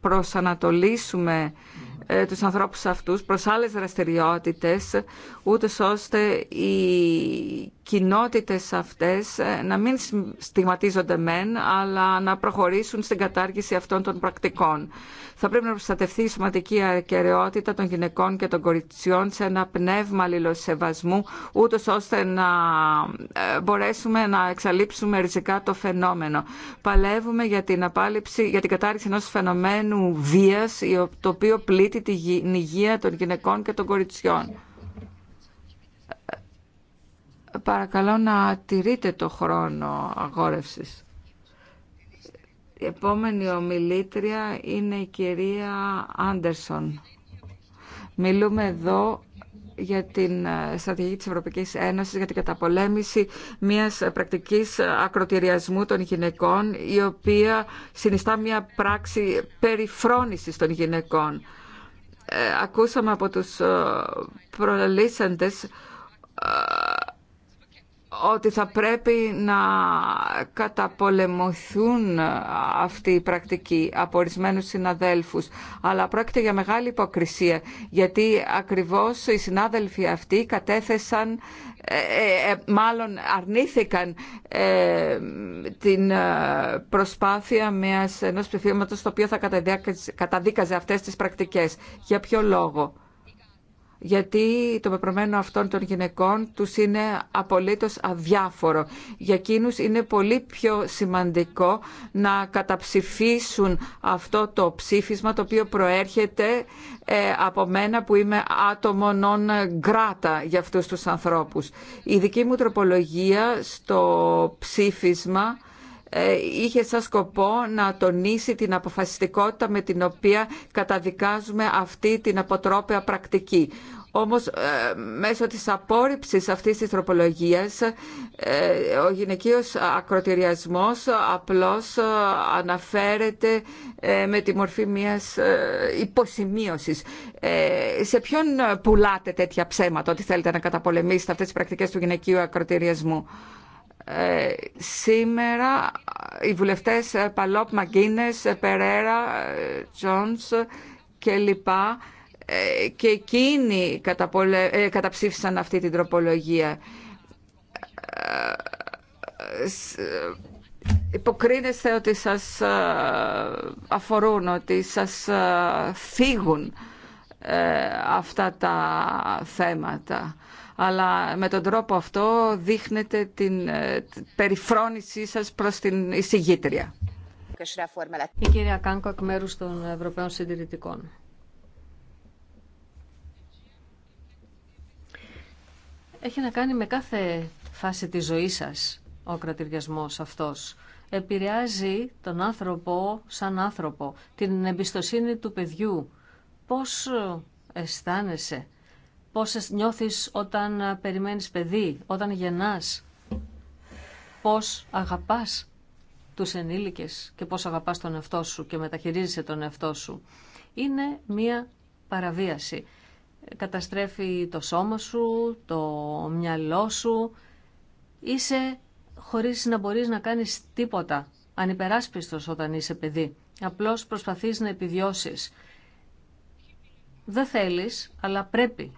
προσανατολίσουμε ε, τους ανθρώπους αυτούς προς άλλες δραστηριότητες, ούτε ώστε οι κοινότητες αυτές ε, να μην στιγματίζονται μεν, αλλά να προχωρήσουν στην κατάργηση αυτών των πρακτικών. Θα πρέπει να προστατευτεί η σωματική ακαιρεότητα των γυναικών και των κοριτσιών σε ένα πνεύμα αλληλοσεβασμού, ούτως ώστε να ε, μπορέσουμε να εξαλείψουμε ριζικά το φαινόμενο. Παλεύουμε για την, απάλυψη, για την κατάργηση ενός φαινομένου βίας, το οποίο πλήττει την υγεία των γυναικών και των κοριτσιών. Παρακαλώ να τηρείτε το χρόνο αγόρευσης. Η επόμενη ομιλήτρια είναι η κυρία Άντερσον. Μιλούμε εδώ για την στρατηγική της Ευρωπαϊκής Ένωσης για την καταπολέμηση μιας πρακτικής ακροτηριασμού των γυναικών η οποία συνιστά μια πράξη περιφρόνησης των γυναικών. Ε, ακούσαμε από τους ε, προλαλήσαντες ε, ότι θα πρέπει να καταπολεμωθούν αυτή η πρακτική από ορισμένου συναδέλφου. Αλλά πρόκειται για μεγάλη υποκρισία, γιατί ακριβώς οι συνάδελφοι αυτοί κατέθεσαν, ε, ε, ε, μάλλον αρνήθηκαν την προσπάθεια μιας, ενός ψηφίματος το οποίο θα καταδίκαζε αυτές τις πρακτικές. Για ποιο λόγο γιατί το πεπρωμένο αυτών των γυναικών τους είναι απολύτως αδιάφορο. Για εκείνους είναι πολύ πιο σημαντικό να καταψηφίσουν αυτό το ψήφισμα το οποίο προέρχεται ε, από μένα που είμαι άτομο νον γκράτα για αυτούς τους ανθρώπους. Η δική μου τροπολογία στο ψήφισμα ε, είχε σαν σκοπό να τονίσει την αποφασιστικότητα με την οποία καταδικάζουμε αυτή την αποτρόπαια πρακτική. Όμως ε, μέσω της απόρριψης αυτής της τροπολογίας ε, ο γυναικείος ακροτηριασμός απλώς αναφέρεται με τη μορφή μιας υποσημείωσης. Σε ποιον πουλάτε τέτοια ψέματα ότι θέλετε να καταπολεμήσετε αυτές τις πρακτικές του γυναικείου ακροτηριασμού. Ε, σήμερα οι βουλευτές ε, Παλόπ, Μαγκίνες, ε, Περέρα, Τζόνς και και εκείνοι καταψήφισαν αυτή την τροπολογία. Υποκρίνεστε ότι σας αφορούν, ότι σας φύγουν αυτά τα θέματα αλλά με τον τρόπο αυτό δείχνετε ε, την περιφρόνησή σας προς την εισηγήτρια. Η κυρία Κάνκο εκ μέρους των Ευρωπαίων Συντηρητικών. Έχει να κάνει με κάθε φάση της ζωής σας ο κρατηριασμός αυτός. Επηρεάζει τον άνθρωπο σαν άνθρωπο, την εμπιστοσύνη του παιδιού. Πώς ε, αισθάνεσαι πώς νιώθεις όταν ε, περιμένεις παιδί, όταν γεννάς, πώς αγαπάς τους ενήλικες και πώς αγαπάς τον εαυτό σου και μεταχειρίζεσαι τον εαυτό σου. Είναι μία παραβίαση. Καταστρέφει το σώμα σου, το μυαλό σου. Είσαι χωρίς να μπορείς να κάνεις τίποτα ανυπεράσπιστος όταν είσαι παιδί. Απλώς προσπαθείς να επιβιώσεις. Δεν θέλεις, αλλά πρέπει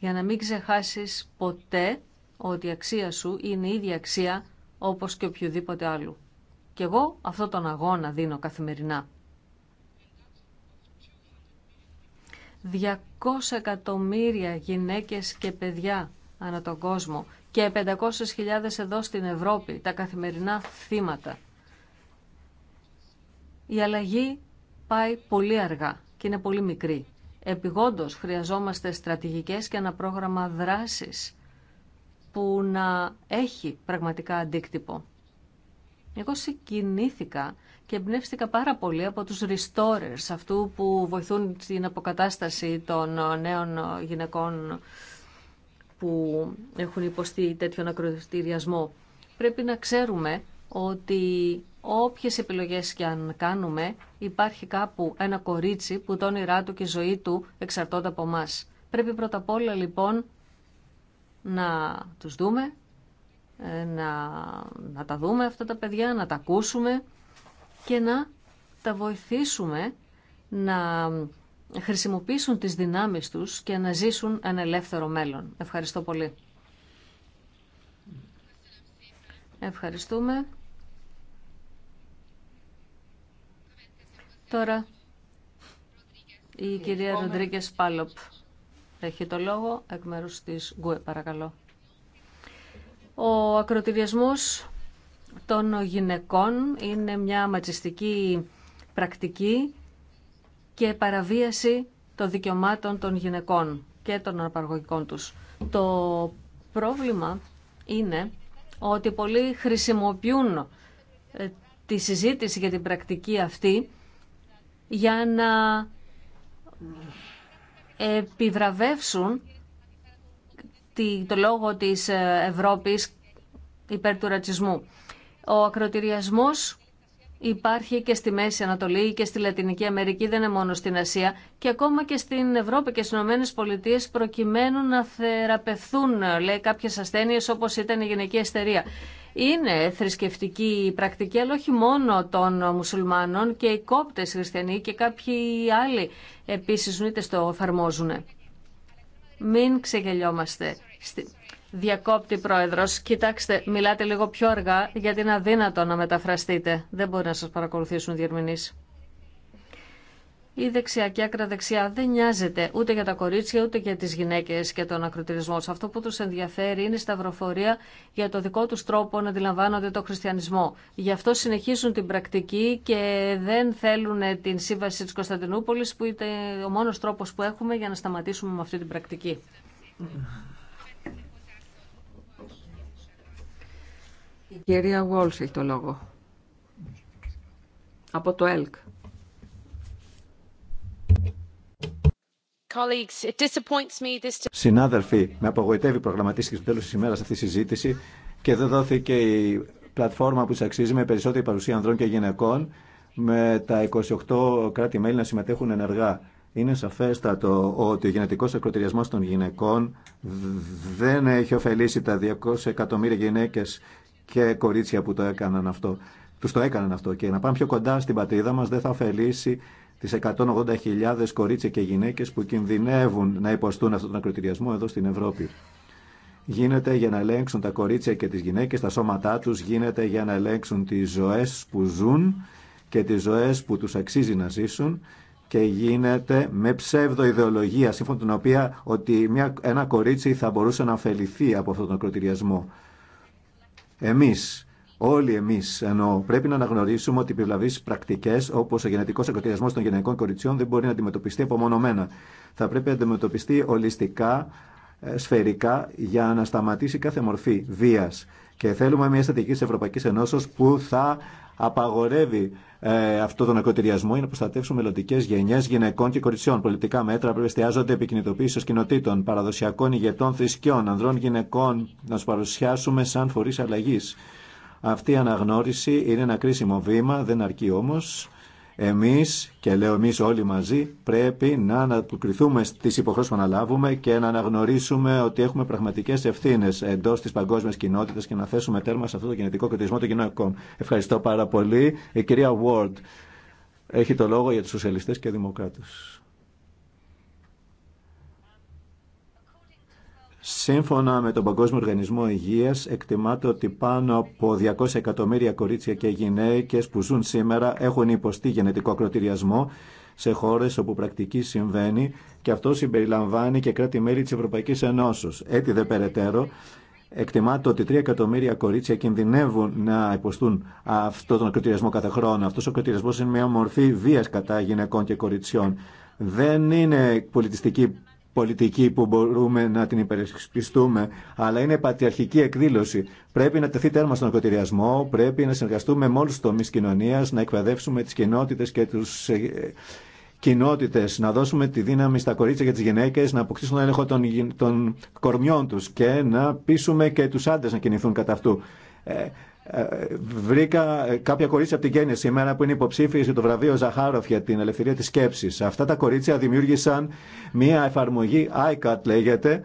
για να μην ξεχάσεις ποτέ ότι η αξία σου είναι η ίδια αξία όπως και οποιοδήποτε άλλου. Και εγώ αυτό τον αγώνα δίνω καθημερινά. 200 εκατομμύρια γυναίκες και παιδιά ανά τον κόσμο και 500.000 εδώ στην Ευρώπη, τα καθημερινά θύματα. Η αλλαγή πάει πολύ αργά και είναι πολύ μικρή. Επιγόντως χρειαζόμαστε στρατηγικές και ένα πρόγραμμα δράσης που να έχει πραγματικά αντίκτυπο. Εγώ συγκινήθηκα και εμπνεύστηκα πάρα πολύ από τους restorers, αυτού που βοηθούν στην αποκατάσταση των ε, νέων ε, γυναικών που έχουν υποστεί τέτοιον ακροτηριασμό. Πρέπει να ξέρουμε ότι όποιες επιλογές και αν κάνουμε, υπάρχει κάπου ένα κορίτσι που το όνειρά του και η ζωή του εξαρτώνται από εμά. Πρέπει πρώτα απ' όλα λοιπόν να τους δούμε, ε, να, να τα δούμε αυτά τα παιδιά, να τα ακούσουμε και να τα βοηθήσουμε να χρησιμοποιήσουν τις δυνάμεις τους και να ζήσουν ένα ελεύθερο μέλλον. Ευχαριστώ πολύ. Ευχαριστούμε. Τώρα η κυρία Ροντρίγκε Πάλοπ έχει το λόγο εκ μέρου τη ΓΚΟΕ, παρακαλώ. Ο ακροτηριασμό των γυναικών είναι μια ματσιστική πρακτική και παραβίαση των δικαιωμάτων των γυναικών και των αναπαραγωγικών τους. Το πρόβλημα είναι ότι πολλοί χρησιμοποιούν ε, τη συζήτηση για την πρακτική αυτή για να επιβραβεύσουν το λόγο της Ευρώπης υπέρ του ρατσισμού. Ο ακροτηριασμός υπάρχει και στη Μέση Ανατολή και στη Λατινική Αμερική, δεν είναι μόνο στην Ασία και ακόμα και στην Ευρώπη και στις Ηνωμένε Πολιτείε προκειμένου να θεραπευθούν λέει, κάποιες ασθένειες όπως ήταν η γυναική αστερία είναι θρησκευτική πρακτική, αλλά όχι μόνο των μουσουλμάνων και οι κόπτες χριστιανοί και κάποιοι άλλοι επίσης ούτε το εφαρμόζουν. Μην ξεγελιόμαστε. Διακόπτη πρόεδρος, κοιτάξτε, μιλάτε λίγο πιο αργά γιατί είναι αδύνατο να μεταφραστείτε. Δεν μπορεί να σας παρακολουθήσουν οι διερμηνείς η δεξιά και άκρα δεξιά δεν νοιάζεται ούτε για τα κορίτσια ούτε για τις γυναίκες και τον ακροτηρισμό. Αυτό που τους ενδιαφέρει είναι η σταυροφορία για το δικό τους τρόπο να αντιλαμβάνονται το χριστιανισμό. Γι' αυτό συνεχίζουν την πρακτική και δεν θέλουν την σύμβαση της Κωνσταντινούπολης που είναι ο μόνος τρόπος που έχουμε για να σταματήσουμε με αυτή την πρακτική. Η κυρία Γουόλς έχει το λόγο. Από το ΕΛΚ. Συνάδελφοι, με απογοητεύει η προγραμματίστηκε στο τέλο τη ημέρα αυτή η συζήτηση και δεν δόθηκε η πλατφόρμα που αξίζει με περισσότερη παρουσία ανδρών και γυναικών με τα 28 κράτη-μέλη να συμμετέχουν ενεργά. Είναι σαφέστατο ότι ο γενετικό ακροτηριασμό των γυναικών δεν έχει ωφελήσει τα 200 εκατομμύρια γυναίκε και κορίτσια που το έκαναν αυτό. Του το έκαναν αυτό και να πάμε πιο κοντά στην πατρίδα μα δεν θα ωφελήσει τι 180.000 κορίτσια και γυναίκες που κινδυνεύουν να υποστούν αυτόν τον ακροτηριασμό εδώ στην Ευρώπη. Γίνεται για να ελέγξουν τα κορίτσια και τις γυναίκες, τα σώματά τους, γίνεται για να ελέγξουν τις ζωέ που ζουν και τις ζωέ που τους αξίζει να ζήσουν και γίνεται με ψεύδο ιδεολογία, σύμφωνα την οποία ότι μια, ένα κορίτσι θα μπορούσε να ωφεληθεί από αυτόν τον ακροτηριασμό. Εμείς Όλοι εμεί πρέπει να αναγνωρίσουμε ότι οι επιβλαβεί πρακτικέ όπω ο γενετικό εκοτιασμό των γενετικών κοριτσιών δεν μπορεί να αντιμετωπιστεί απομονωμένα. Θα πρέπει να αντιμετωπιστεί ολιστικά, ε, σφαιρικά, για να σταματήσει κάθε μορφή βία. Και θέλουμε μια στατική τη Ευρωπαϊκή Ενώσεω που θα απαγορεύει ε, αυτό τον ακροτηριασμό για να προστατεύσουμε μελλοντικέ γενιέ γυναικών και κοριτσιών. Πολιτικά μέτρα πρέπει να εστιάζονται κοινοτήτων, παραδοσιακών ηγετών θρησκειών, ανδρών γυναικών, να του παρουσιάσουμε σαν φορεί αλλαγή αυτή η αναγνώριση είναι ένα κρίσιμο βήμα, δεν αρκεί όμως. Εμείς, και λέω εμείς όλοι μαζί, πρέπει να αναποκριθούμε στις υποχρεώσει που αναλάβουμε και να αναγνωρίσουμε ότι έχουμε πραγματικές ευθύνες εντός της παγκόσμιας κοινότητας και να θέσουμε τέρμα σε αυτό το κινητικό κριτισμό των κοινωνικών. Ευχαριστώ πάρα πολύ. Η κυρία Ward έχει το λόγο για τους σοσιαλιστές και δημοκράτες. Σύμφωνα με τον Παγκόσμιο Οργανισμό Υγείας, εκτιμάται ότι πάνω από 200 εκατομμύρια κορίτσια και γυναίκες που ζουν σήμερα έχουν υποστεί γενετικό ακροτηριασμό σε χώρες όπου πρακτική συμβαίνει και αυτό συμπεριλαμβάνει και κράτη-μέλη της Ευρωπαϊκής Ενώσεως. Έτσι δε περαιτέρω, εκτιμάται ότι 3 εκατομμύρια κορίτσια κινδυνεύουν να υποστούν αυτόν τον ακροτηριασμό κάθε χρόνο. Αυτός ο ακροτηριασμός είναι μια μορφή βίας κατά γυναικών και κοριτσιών. Δεν είναι πολιτιστική πολιτική που μπορούμε να την υπερασπιστούμε, αλλά είναι πατριαρχική εκδήλωση. Πρέπει να τεθεί τέρμα στον ακροτηριασμό, πρέπει να συνεργαστούμε με όλου του τομεί κοινωνία, να εκπαιδεύσουμε τι κοινότητε και του ε, κοινότητε, να δώσουμε τη δύναμη στα κορίτσια και τι γυναίκε να αποκτήσουν έλεγχο των, των κορμιών του και να πείσουμε και του άντρε να κινηθούν κατά αυτού. Ε, ε, βρήκα ε, κάποια κορίτσια από την Κένια σήμερα που είναι υποψήφιοι το βραβείο Ζαχάροφ για την ελευθερία της σκέψης. Αυτά τα κορίτσια δημιούργησαν μια εφαρμογή, ICAT λέγεται,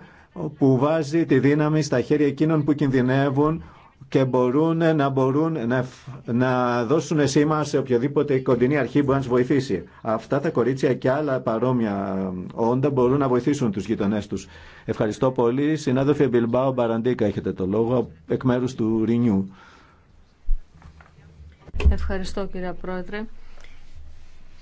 που βάζει τη δύναμη στα χέρια εκείνων που κινδυνεύουν και μπορούν να, μπορούν να, να δώσουν σήμα σε οποιοδήποτε κοντινή αρχή που να βοηθήσει. Αυτά τα κορίτσια και άλλα παρόμοια όντα μπορούν να βοηθήσουν τους γειτονέ τους. Ευχαριστώ πολύ. Συνάδελφε Μπιλμπάου Μπαραντίκα έχετε το λόγο εκ μέρου του Ρινιού. Ευχαριστώ κύριε Πρόεδρε.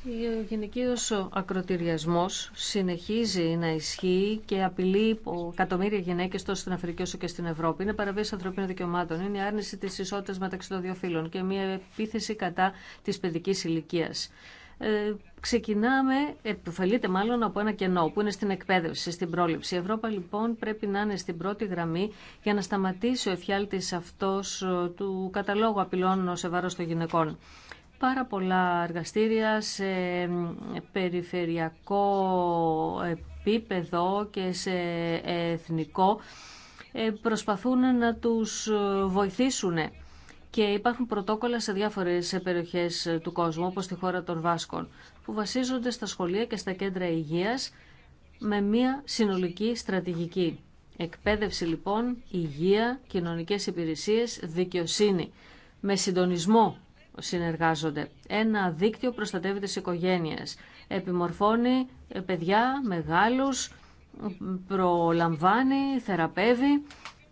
Ο γυναικείος ακροτηριασμός συνεχίζει να ισχύει και απειλεί εκατομμύρια γυναίκε τόσο στην Αφρική όσο και στην Ευρώπη. Είναι παραβίαση ανθρωπίνων δικαιωμάτων, είναι η άρνηση της ισότητας μεταξύ των δύο φύλων και μια επίθεση κατά της παιδικής ηλικίας. Ε, ξεκινάμε, επιφελείται μάλλον από ένα κενό που είναι στην εκπαίδευση, στην πρόληψη. Η Ευρώπη λοιπόν πρέπει να είναι στην πρώτη γραμμή για να σταματήσει ο εφιάλτης αυτός ε, του καταλόγου απειλών σε βάρος των γυναικών. Πάρα πολλά εργαστήρια σε περιφερειακό επίπεδο και σε εθνικό ε, προσπαθούν να τους βοηθήσουνε και υπάρχουν πρωτόκολλα σε διάφορες περιοχέ ε, του κόσμου, όπως στη χώρα των Βάσκων, που βασίζονται στα σχολεία και στα κέντρα υγείας με μία συνολική στρατηγική. Εκπαίδευση λοιπόν, υγεία, κοινωνικές υπηρεσίες, δικαιοσύνη. Με συντονισμό συνεργάζονται. Ένα δίκτυο προστατεύει τις οικογένειες. Επιμορφώνει ε, παιδιά, μεγάλους, προλαμβάνει, θεραπεύει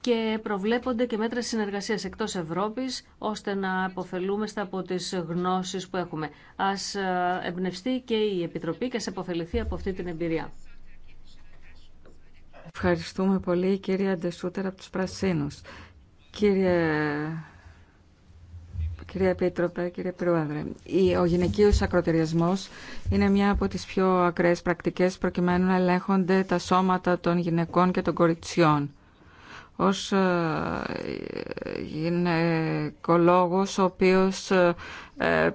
και προβλέπονται και μέτρα συνεργασίας εκτός Ευρώπης ώστε να αποφελούμεστε από τις γνώσεις που έχουμε. Ας ε, εμπνευστεί και η Επιτροπή και ας αποφεληθεί από αυτή την εμπειρία. Ευχαριστούμε πολύ κύριε Αντεσούτερ, από τους Πρασίνους. Κύριε Κυρία Επίτροπε, κύριε Πρόεδρε, ο γυναικείος ακροτηριασμός είναι μια από τις πιο ακραίες πρακτικές προκειμένου να ελέγχονται τα σώματα των γυναικών και των κοριτσιών ως ε, γυναικολόγος ο οποίος ε,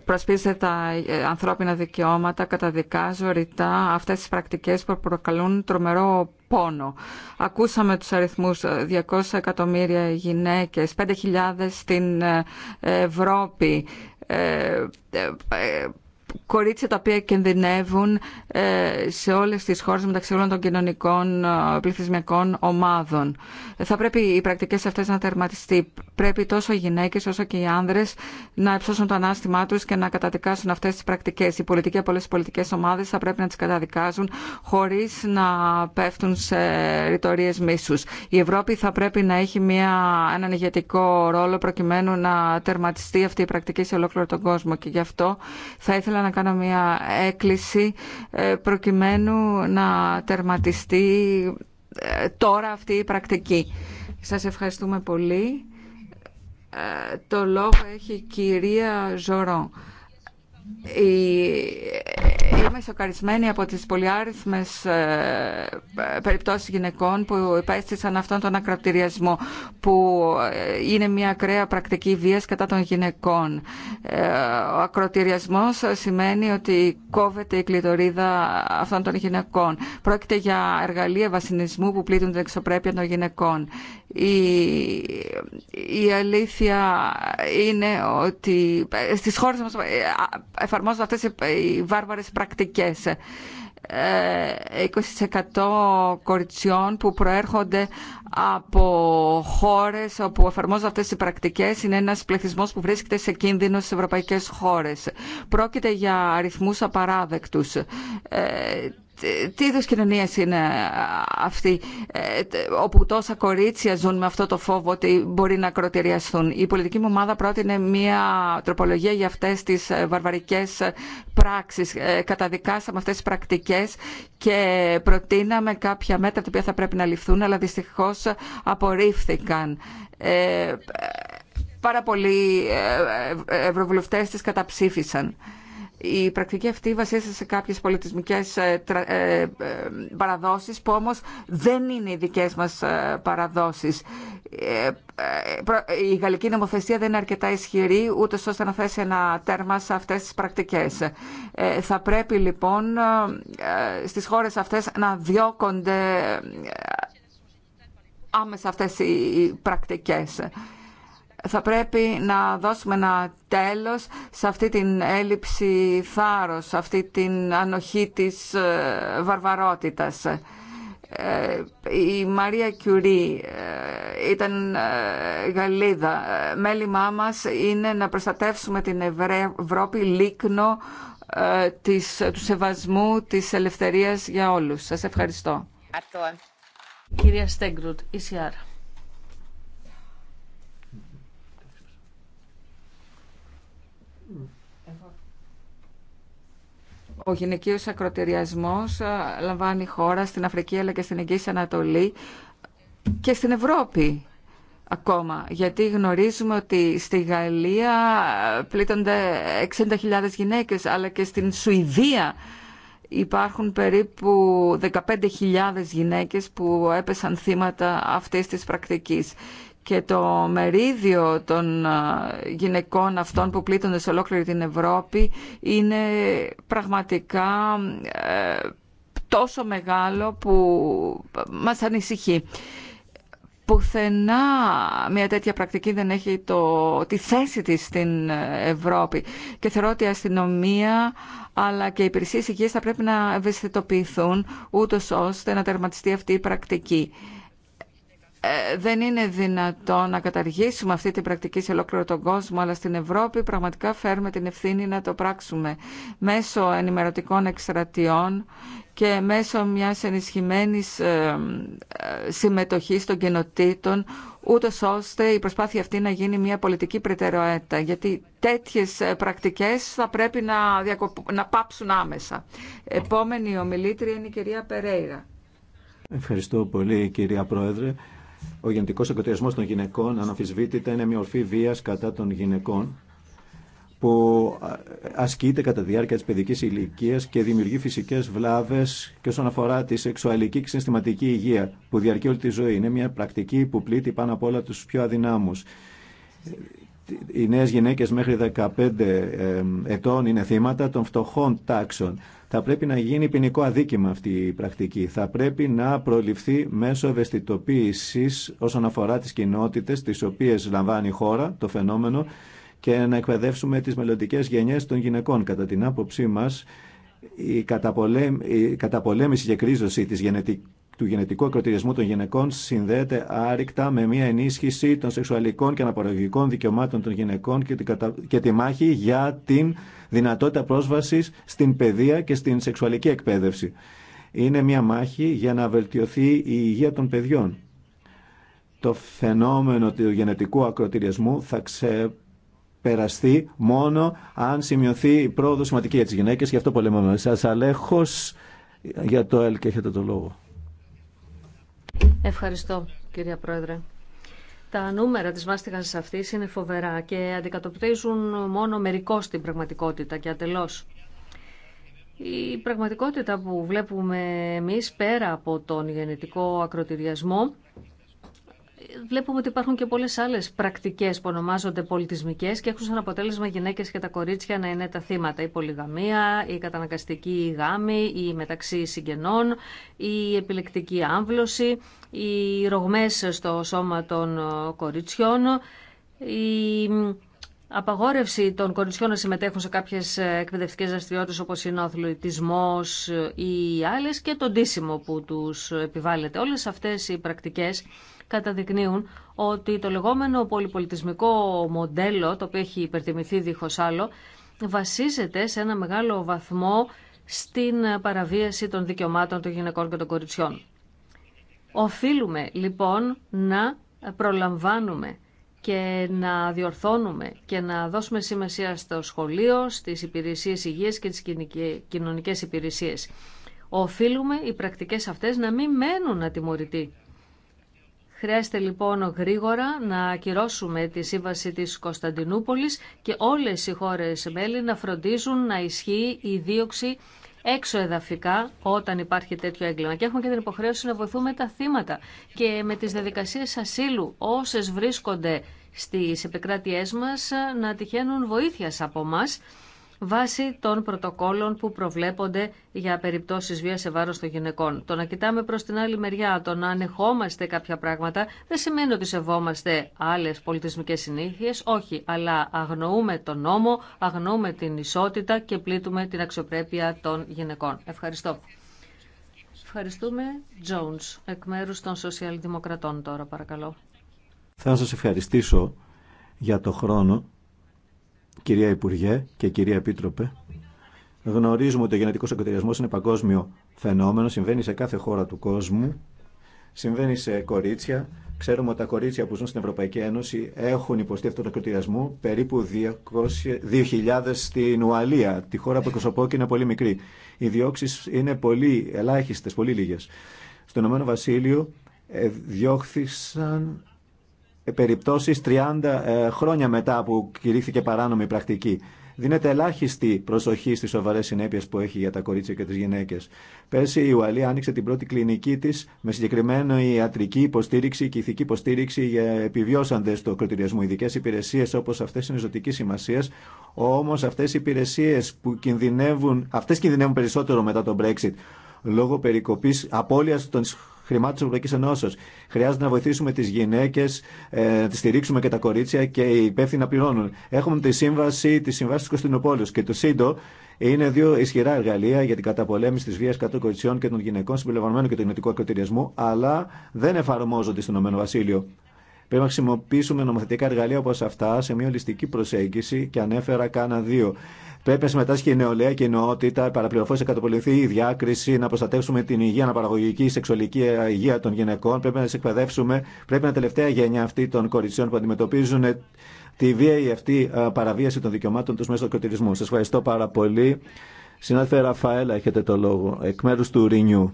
προσπίζεται τα ε, ανθρώπινα δικαιώματα, καταδικάζω ρητά αυτές τις πρακτικές που προκαλούν τρομερό πόνο. Ακούσαμε τους αριθμούς 200 εκατομμύρια γυναίκες, 5.000 στην Ευρώπη, κορίτσια τα οποία κινδυνεύουν ε, σε όλες τις χώρες μεταξύ όλων των κοινωνικών ε, πληθυσμιακών ομάδων. Θα πρέπει οι πρακτικές αυτές να τερματιστεί. Πρέπει τόσο οι γυναίκες όσο και οι άνδρες να υψώσουν το ανάστημά τους και να καταδικάσουν αυτές τις πρακτικές. Οι πολιτικοί από όλες πολιτικές ομάδες θα πρέπει να τις καταδικάζουν χωρίς να πέφτουν σε ρητορίε μίσους. Η Ευρώπη θα πρέπει να έχει μια, έναν ηγετικό ρόλο προκειμένου να τερματιστεί αυτή η πρακτική σε ολόκληρο τον κόσμο και γι' αυτό θα ήθελα ήθελα να κάνω μια έκκληση ε, προκειμένου να τερματιστεί ε, τώρα αυτή η πρακτική. Σας ευχαριστούμε πολύ. Ε, το λόγο έχει η κυρία Ζωρό. Ε, είμαι σοκαρισμένη από τις πολυάριθμες ε, περιπτώσεις γυναικών που υπέστησαν αυτόν τον ακροτηριασμό που ε, είναι μια ακραία πρακτική βίας κατά των γυναικών. Ο ακροτηριασμός σημαίνει ότι κόβεται η κλειδωρίδα αυτών των γυναικών. Πρόκειται για εργαλεία βασινισμού που πλήττουν την εξωπρέπεια των γυναικών η, η αλήθεια είναι ότι στις χώρες μας εφαρμόζονται αυτές οι βάρβαρες πρακτικές. 20% ε, κοριτσιών που προέρχονται από χώρες όπου εφαρμόζονται αυτές οι πρακτικές είναι ένας πληθυσμός που βρίσκεται σε κίνδυνο στις ευρωπαϊκές χώρες. Πρόκειται για αριθμούς απαράδεκτους. Ε, τι είδου κοινωνίε είναι αυτή ε, όπου τόσα κορίτσια ζουν με αυτό το φόβο ότι μπορεί να ακροτηριαστούν. Η πολιτική μου ομάδα πρότεινε μία τροπολογία για αυτές τις ε, βαρβαρικές πράξεις. Ε, καταδικάσαμε αυτές τις πρακτικές και προτείναμε κάποια μέτρα τα οποία θα πρέπει να ληφθούν αλλά δυστυχώ απορρίφθηκαν. Πάρα πολλοί ευρωβουλευτέ τι καταψήφισαν. Η πρακτική αυτή βασίζεται σε κάποιες πολιτισμικές ε, ε, ε, παραδόσεις που όμως δεν είναι οι δικές μας παραδόσεις. Η γαλλική νομοθεσία δεν είναι αρκετά ισχυρή ούτε ώστε να θέσει ένα τέρμα σε αυτές τις πρακτικές. Θα πρέπει λοιπόν στις χώρες αυτές να διώκονται άμεσα αυτές οι πρακτικές θα πρέπει να δώσουμε ένα τέλος σε αυτή την έλλειψη θάρρος, σε αυτή την ανοχή της ε, βαρβαρότητας. Ε, η Μαρία Κιουρί ε, ήταν Γαλλίδα. Μέλημά μας είναι να προστατεύσουμε την Ευρώπη λίκνο της, του σεβασμού της ελευθερίας για όλους. Σας ευχαριστώ. Κυρία Στέγκρουτ, ECR. Ο γυναικείος ακροτηριασμός ε, λαμβάνει χώρα στην Αφρική αλλά και στην Αγγλική Ανατολή και στην Ευρώπη ακόμα, γιατί γνωρίζουμε ότι στη Γαλλία ε, πλήττονται 60.000 γυναίκες, αλλά και στην Σουηδία υπάρχουν περίπου 15.000 γυναίκες που έπεσαν θύματα αυτής της πρακτικής και το μερίδιο των γυναικών αυτών που πλήττονται σε ολόκληρη την Ευρώπη είναι πραγματικά ε, τόσο μεγάλο που μας ανησυχεί. Πουθενά μια τέτοια πρακτική δεν έχει το, τη θέση της στην Ευρώπη. Και θεωρώ ότι η αστυνομία αλλά και οι υπηρεσίε υγείας θα πρέπει να ευαισθητοποιηθούν ούτως ώστε να τερματιστεί αυτή η πρακτική. Ε, δεν είναι δυνατό να καταργήσουμε αυτή την πρακτική σε ολόκληρο τον κόσμο, αλλά στην Ευρώπη πραγματικά φέρουμε την ευθύνη να το πράξουμε μέσω ενημερωτικών εκστρατιών και μέσω μιας ενισχυμένης ε, ε, συμμετοχής των κοινοτήτων, ούτω ώστε η προσπάθεια αυτή να γίνει μια πολιτική προτεραιότητα, γιατί τέτοιες πρακτικές θα πρέπει να, να πάψουν άμεσα. Επόμενη ομιλήτρια είναι η κυρία Περέιρα. Ευχαριστώ πολύ κυρία Πρόεδρε. Ο γενετικό εκοτιασμό των γυναικών αναμφισβήτητα είναι μια ορφή βία κατά των γυναικών που ασκείται κατά τη διάρκεια τη παιδική ηλικία και δημιουργεί φυσικέ βλάβε και όσον αφορά τη σεξουαλική και συναισθηματική υγεία που διαρκεί όλη τη ζωή. Είναι μια πρακτική που πλήττει πάνω απ' όλα του πιο αδυνάμου. Οι νέε γυναίκε μέχρι 15 ετών είναι θύματα των φτωχών τάξεων θα πρέπει να γίνει ποινικό αδίκημα αυτή η πρακτική. Θα πρέπει να προληφθεί μέσω ευαισθητοποίηση όσον αφορά τι κοινότητε τι οποίε λαμβάνει η χώρα το φαινόμενο και να εκπαιδεύσουμε τι μελλοντικέ γενιέ των γυναικών. Κατά την άποψή μα, η, καταπολέμηση και κρίζωση της του γενετικού ακροτηριασμού των γυναικών συνδέεται άρρηκτα με μια ενίσχυση των σεξουαλικών και αναπαραγωγικών δικαιωμάτων των γυναικών και, τη μάχη για την δυνατότητα πρόσβασης στην παιδεία και στην σεξουαλική εκπαίδευση. Είναι μια μάχη για να βελτιωθεί η υγεία των παιδιών. Το φαινόμενο του γενετικού ακροτηριασμού θα ξεπεραστεί μόνο αν σημειωθεί η πρόοδο σημαντική για τι γυναίκε Γι' αυτό πολεμάμε. Σα αλέχω για το ΕΛ έχετε το λόγο. Ευχαριστώ, κυρία Πρόεδρε. Τα νούμερα της μάστιγας αυτής είναι φοβερά και αντικατοπτρίζουν μόνο μερικό την πραγματικότητα και ατελώς. Η πραγματικότητα που βλέπουμε εμείς πέρα από τον γενετικό ακροτηριασμό βλέπουμε ότι υπάρχουν και πολλές άλλες πρακτικές που ονομάζονται πολιτισμικές και έχουν σαν αποτέλεσμα γυναίκες και τα κορίτσια να είναι τα θύματα. Η πολυγαμία, η καταναγκαστική γάμη, η μεταξύ συγγενών, η επιλεκτική άμβλωση, οι ρογμές στο σώμα των κοριτσιών, απαγόρευση των κοριτσιών να συμμετέχουν σε κάποιες ε, εκπαιδευτικέ δραστηριότητε όπως είναι ο αθλητισμό ε, ή άλλε και το ντύσιμο που του επιβάλλεται. Όλες αυτές οι πρακτικές καταδεικνύουν ότι το λεγόμενο πολυπολιτισμικό μοντέλο, το οποίο έχει υπερτιμηθεί δίχω άλλο, βασίζεται σε ένα μεγάλο βαθμό στην παραβίαση των δικαιωμάτων των γυναικών και των κοριτσιών. Οφείλουμε λοιπόν να προλαμβάνουμε και να διορθώνουμε και να δώσουμε σημασία στο σχολείο, στις υπηρεσίες υγείας και τις κοινωνικές υπηρεσίες. Οφείλουμε οι πρακτικές αυτές να μην μένουν ατιμωρητοί. Χρειάζεται λοιπόν γρήγορα να ακυρώσουμε τη σύμβαση της Κωνσταντινούπολης και όλες οι χώρες μέλη να φροντίζουν να ισχύει η δίωξη έξω εδαφικά όταν υπάρχει τέτοιο έγκλημα. Και έχουμε και την υποχρέωση να βοηθούμε τα θύματα. Και με τις διαδικασίες ασύλου όσες βρίσκονται στις επικράτειές μας να τυχαίνουν βοήθειας από μας βάσει των πρωτοκόλων που προβλέπονται για περιπτώσεις βίας σε βάρος των γυναικών. Το να κοιτάμε προς την άλλη μεριά, το να ανεχόμαστε κάποια πράγματα, δεν σημαίνει ότι σεβόμαστε άλλες πολιτισμικές συνήθειες, όχι, αλλά αγνοούμε τον νόμο, αγνοούμε την ισότητα και πλήττουμε την αξιοπρέπεια των γυναικών. Ευχαριστώ. Ευχαριστούμε. Jones, εκ μέρους των Σοσιαλδημοκρατών τώρα παρακαλώ. Θα σας ευχαριστήσω για το χρόνο, κυρία Υπουργέ και κυρία Επίτροπε. Γνωρίζουμε ότι ο γενετικός εγκοτεριασμός είναι παγκόσμιο φαινόμενο, συμβαίνει σε κάθε χώρα του κόσμου, συμβαίνει σε κορίτσια. Ξέρουμε ότι τα κορίτσια που ζουν στην Ευρωπαϊκή Ένωση έχουν υποστεί αυτόν τον ακροτηριασμό, περίπου 2.000 στην Ουαλία, τη χώρα που εκπροσωπώ και είναι πολύ μικρή. Οι διώξει είναι πολύ ελάχιστε, πολύ λίγε. Στον Ηνωμένο Βασίλειο ε, διώχθησαν ε, περιπτώσει 30 ε, χρόνια μετά που κηρύχθηκε παράνομη πρακτική. Δίνεται ελάχιστη προσοχή στι σοβαρέ συνέπειε που έχει για τα κορίτσια και τι γυναίκε. Πέρσι η Ουαλή άνοιξε την πρώτη κλινική τη με συγκεκριμένο ιατρική υποστήριξη και ηθική υποστήριξη για επιβιώσαντε του ακροτηριασμού. Ειδικέ υπηρεσίε όπω αυτέ είναι ζωτική σημασία. Όμω αυτέ οι υπηρεσίε που κινδυνεύουν, αυτέ κινδυνεύουν περισσότερο μετά τον Brexit λόγω περικοπή απώλεια των χρημάτων τη Ευρωπαϊκή Ενώσεω. Χρειάζεται να βοηθήσουμε τι γυναίκε, ε, να τι στηρίξουμε και τα κορίτσια και οι υπεύθυνοι να πληρώνουν. Έχουμε τη σύμβαση τη Συμβάση τη Κωνσταντινούπολη και το ΣΥΝΤΟ. Είναι δύο ισχυρά εργαλεία για την καταπολέμηση τη βία κατά των κοριτσιών και των γυναικών, συμπεριλαμβανομένου και του γενετικού ακροτηριασμού, αλλά δεν εφαρμόζονται στον Ηνωμένο Βασίλειο. Πρέπει να χρησιμοποιήσουμε νομοθετικά εργαλεία όπω αυτά σε μια ολιστική προσέγγιση και ανέφερα κάνα δύο. Πρέπει να συμμετάσχει η νεολαία κοινότητα, η παραπληροφόρηση να η διάκριση, να προστατεύσουμε την υγεία, αναπαραγωγική, η σεξουαλική υγεία των γυναικών. Πρέπει να τι εκπαιδεύσουμε. Πρέπει να τελευταία γενιά αυτή των κοριτσιών που αντιμετωπίζουν τη βία ή αυτή παραβίαση των δικαιωμάτων του μέσω του κρατηρισμού. Σα ευχαριστώ πάρα πολύ. Συνάδελφε Ραφαέλα, έχετε το λόγο. Εκ μέρου του Ρινιού.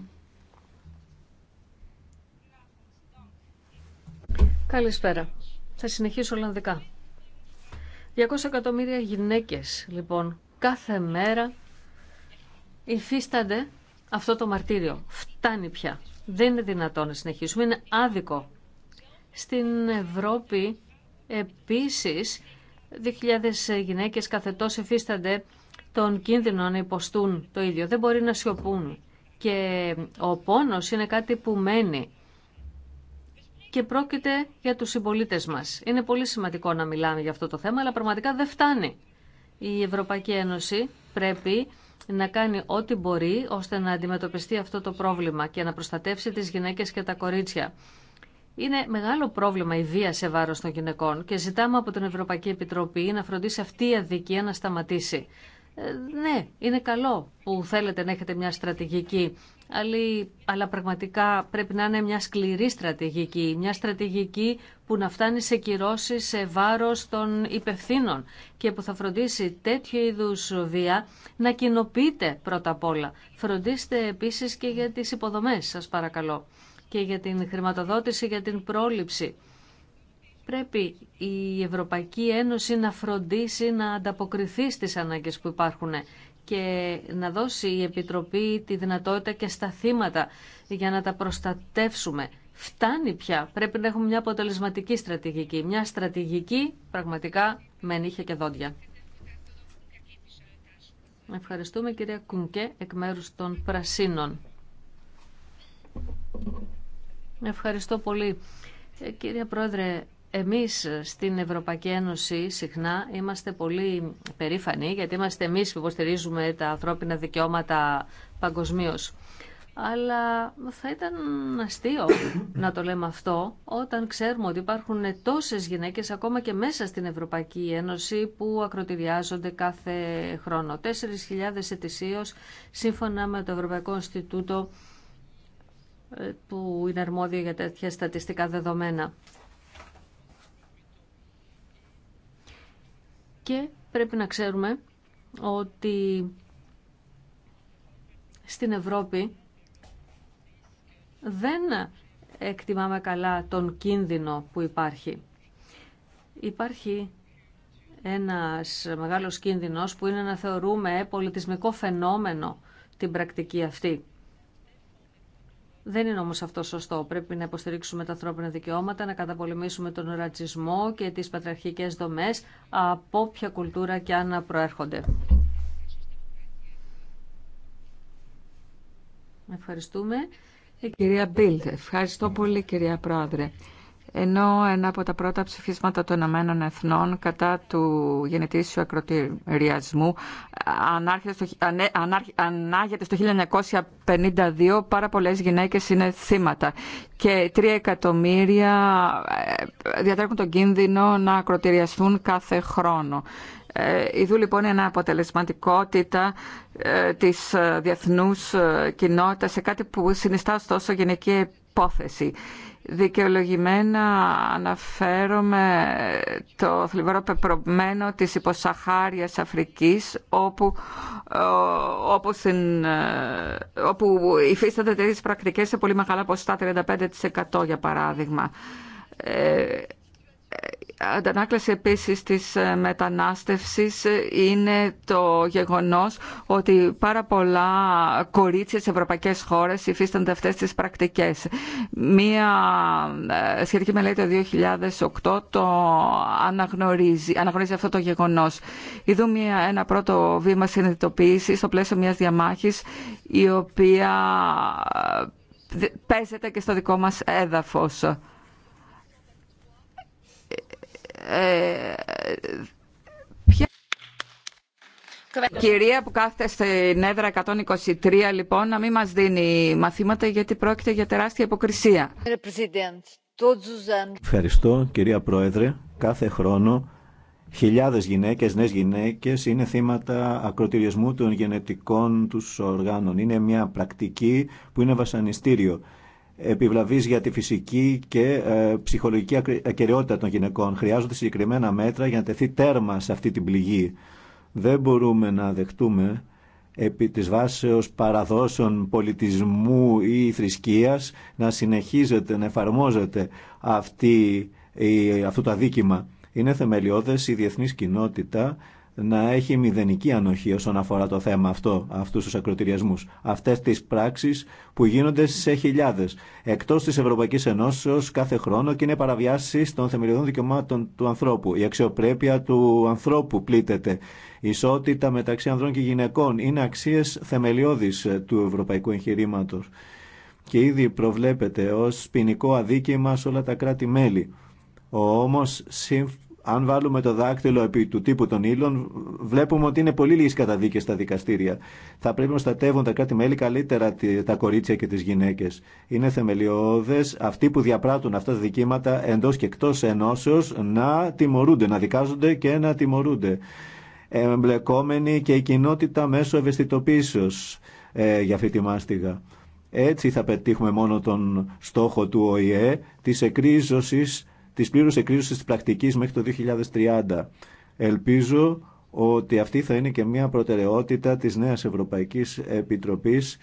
Καλησπέρα. Θα συνεχίσω Ολλανδικά. 200 εκατομμύρια γυναίκες λοιπόν κάθε μέρα υφίστανται αυτό το μαρτύριο. Φτάνει πια. Δεν είναι δυνατόν να συνεχίσουμε. Είναι άδικο. Στην Ευρώπη επίσης 2.000 γυναίκες καθετός υφίστανται τον κίνδυνο να υποστούν το ίδιο. Δεν μπορεί να σιωπούν. Και ο πόνος είναι κάτι που μένει και πρόκειται για τους συμπολίτε μας. Είναι πολύ σημαντικό να μιλάμε για αυτό το θέμα, αλλά πραγματικά δεν φτάνει. Η Ευρωπαϊκή Ένωση πρέπει να κάνει ό,τι μπορεί ώστε να αντιμετωπιστεί αυτό το πρόβλημα και να προστατεύσει τις γυναίκες και τα κορίτσια. Είναι μεγάλο πρόβλημα η βία σε βάρος των γυναικών και ζητάμε από την Ευρωπαϊκή Επιτροπή να φροντίσει αυτή η αδικία να σταματήσει. Ε, ναι, είναι καλό που θέλετε να έχετε μια στρατηγική, αλλά πραγματικά πρέπει να είναι μια σκληρή στρατηγική, μια στρατηγική που να φτάνει σε κυρώσει σε βάρος των υπευθύνων και που θα φροντίσει τέτοιου είδους βία να κοινοποιείται πρώτα απ' όλα. Φροντίστε επίσης και για τις υποδομές σας παρακαλώ και για την χρηματοδότηση, για την πρόληψη πρέπει η Ευρωπαϊκή Ένωση να φροντίσει να ανταποκριθεί στις ανάγκες που υπάρχουν και να δώσει η Επιτροπή τη δυνατότητα και στα θύματα για να τα προστατεύσουμε. Φτάνει πια. Πρέπει να έχουμε μια αποτελεσματική στρατηγική. Μια στρατηγική πραγματικά με νύχια και δόντια. Ευχαριστούμε κυρία Κουνκέ εκ μέρους των Πρασίνων. Ευχαριστώ πολύ. Κύριε Πρόεδρε, εμείς στην Ευρωπαϊκή Ένωση συχνά είμαστε πολύ περήφανοι γιατί είμαστε εμείς που υποστηρίζουμε τα ανθρώπινα δικαιώματα παγκοσμίω. Αλλά θα ήταν αστείο να το λέμε αυτό όταν ξέρουμε ότι υπάρχουν τόσες γυναίκες ακόμα και μέσα στην Ευρωπαϊκή Ένωση που ακροτηριάζονται κάθε χρόνο. 4.000 ετησίως σύμφωνα με το Ευρωπαϊκό Ινστιτούτο ε, που είναι αρμόδιο για τέτοια στατιστικά δεδομένα. Και πρέπει να ξέρουμε ότι στην Ευρώπη δεν εκτιμάμε καλά τον κίνδυνο που υπάρχει. Υπάρχει ένας μεγάλος κίνδυνος που είναι να θεωρούμε πολιτισμικό φαινόμενο την πρακτική αυτή. Δεν είναι όμως αυτό σωστό. Πρέπει να υποστηρίξουμε τα ανθρώπινα δικαιώματα, να καταπολεμήσουμε τον ρατσισμό και τις πατριαρχικές δομές από όποια κουλτούρα και αν προέρχονται. Ευχαριστούμε. Κυρία Μπίλτ, ευχαριστώ πολύ κυρία Πρόεδρε ενώ ένα από τα πρώτα ψηφίσματα των Ηνωμένων Εθνών κατά του γενετήσιου ακροτηριασμού ανάγεται στο 1952 πάρα πολλές γυναίκες είναι θύματα και τρία εκατομμύρια ε, διατρέχουν τον κίνδυνο να ακροτηριαστούν κάθε χρόνο. Ε, ιδού λοιπόν είναι αποτελεσματικότητα ε, της διεθνούς κοινότητας σε κάτι που συνιστά ωστόσο γενική υπόθεση δικαιολογημένα αναφέρομαι το θλιβερό πεπρωμένο της υποσαχάριας Αφρικής όπου, όπου, στην, ε, όπου υφίσταται τέτοιες πρακτικές σε πολύ μεγάλα ποστά, 35% για παράδειγμα. Ε, αντανάκλαση επίσης της ε, μετανάστευσης ε, είναι το γεγονός ότι πάρα πολλά κορίτσια σε ευρωπαϊκές χώρες υφίστανται αυτές τις πρακτικές. Μία ε, σχετική μελέτη το 2008 το αναγνωρίζει, αναγνωρίζει αυτό το γεγονός. Είδουμε μια, ένα πρώτο βήμα συνειδητοποίησης στο πλαίσιο μιας διαμάχης η οποία παίζεται και στο δικό μας έδαφος. Ε, ε, κυρία που κάθεται στην έδρα 123, λοιπόν, να μην μας δίνει μαθήματα γιατί πρόκειται για τεράστια υποκρισία. Ευχαριστώ, κυρία Πρόεδρε. Κάθε χρόνο χιλιάδες γυναίκες, νέες γυναίκες είναι θύματα ακροτηριασμού των γενετικών τους οργάνων. Είναι μια πρακτική που είναι βασανιστήριο. Επιβλαβή για τη φυσική και ε, ψυχολογική ακαιρεότητα των γυναικών. Χρειάζονται συγκεκριμένα μέτρα για να τεθεί τέρμα σε αυτή την πληγή. Δεν μπορούμε να δεχτούμε επί της βάσεως παραδόσεων πολιτισμού ή θρησκείας να συνεχίζεται, να εφαρμόζεται αυτή, αυτό το αδίκημα. Είναι θεμελιώδες η διεθνής κοινότητα να έχει μηδενική ανοχή όσον αφορά το θέμα αυτό, αυτού του ακροτηριασμού. Αυτέ τι πράξει που γίνονται σε χιλιάδε. Εκτό τη Ευρωπαϊκή Ενώσεω κάθε χρόνο και είναι παραβιάσεις των θεμελιωδών δικαιωμάτων του ανθρώπου. Η αξιοπρέπεια του ανθρώπου πλήττεται. Η ισότητα μεταξύ ανδρών και γυναικών είναι αξίε θεμελιώδη του ευρωπαϊκού εγχειρήματο. και ήδη προβλέπεται ω ποινικό αδίκημα σε όλα τα κράτη-μέλη. Όμω σύμφωνα αν βάλουμε το δάκτυλο επί του τύπου των ύλων, βλέπουμε ότι είναι πολύ λίγε καταδίκε στα δικαστήρια. Θα πρέπει να στατεύουν τα κράτη-μέλη καλύτερα τα κορίτσια και τι γυναίκε. Είναι θεμελιώδε αυτοί που διαπράττουν αυτά τα δικήματα εντό και εκτό ενώσεω να τιμωρούνται, να δικάζονται και να τιμωρούνται. Εμπλεκόμενοι και η κοινότητα μέσω ευαισθητοποίησεω ε, για αυτή τη μάστιγα. Έτσι θα πετύχουμε μόνο τον στόχο του ΟΗΕ τη εκρίζωσης της πλήρους εκρίζωσης της πρακτικής μέχρι το 2030. Ελπίζω ότι αυτή θα είναι και μια προτεραιότητα της νέας Ευρωπαϊκής Επιτροπής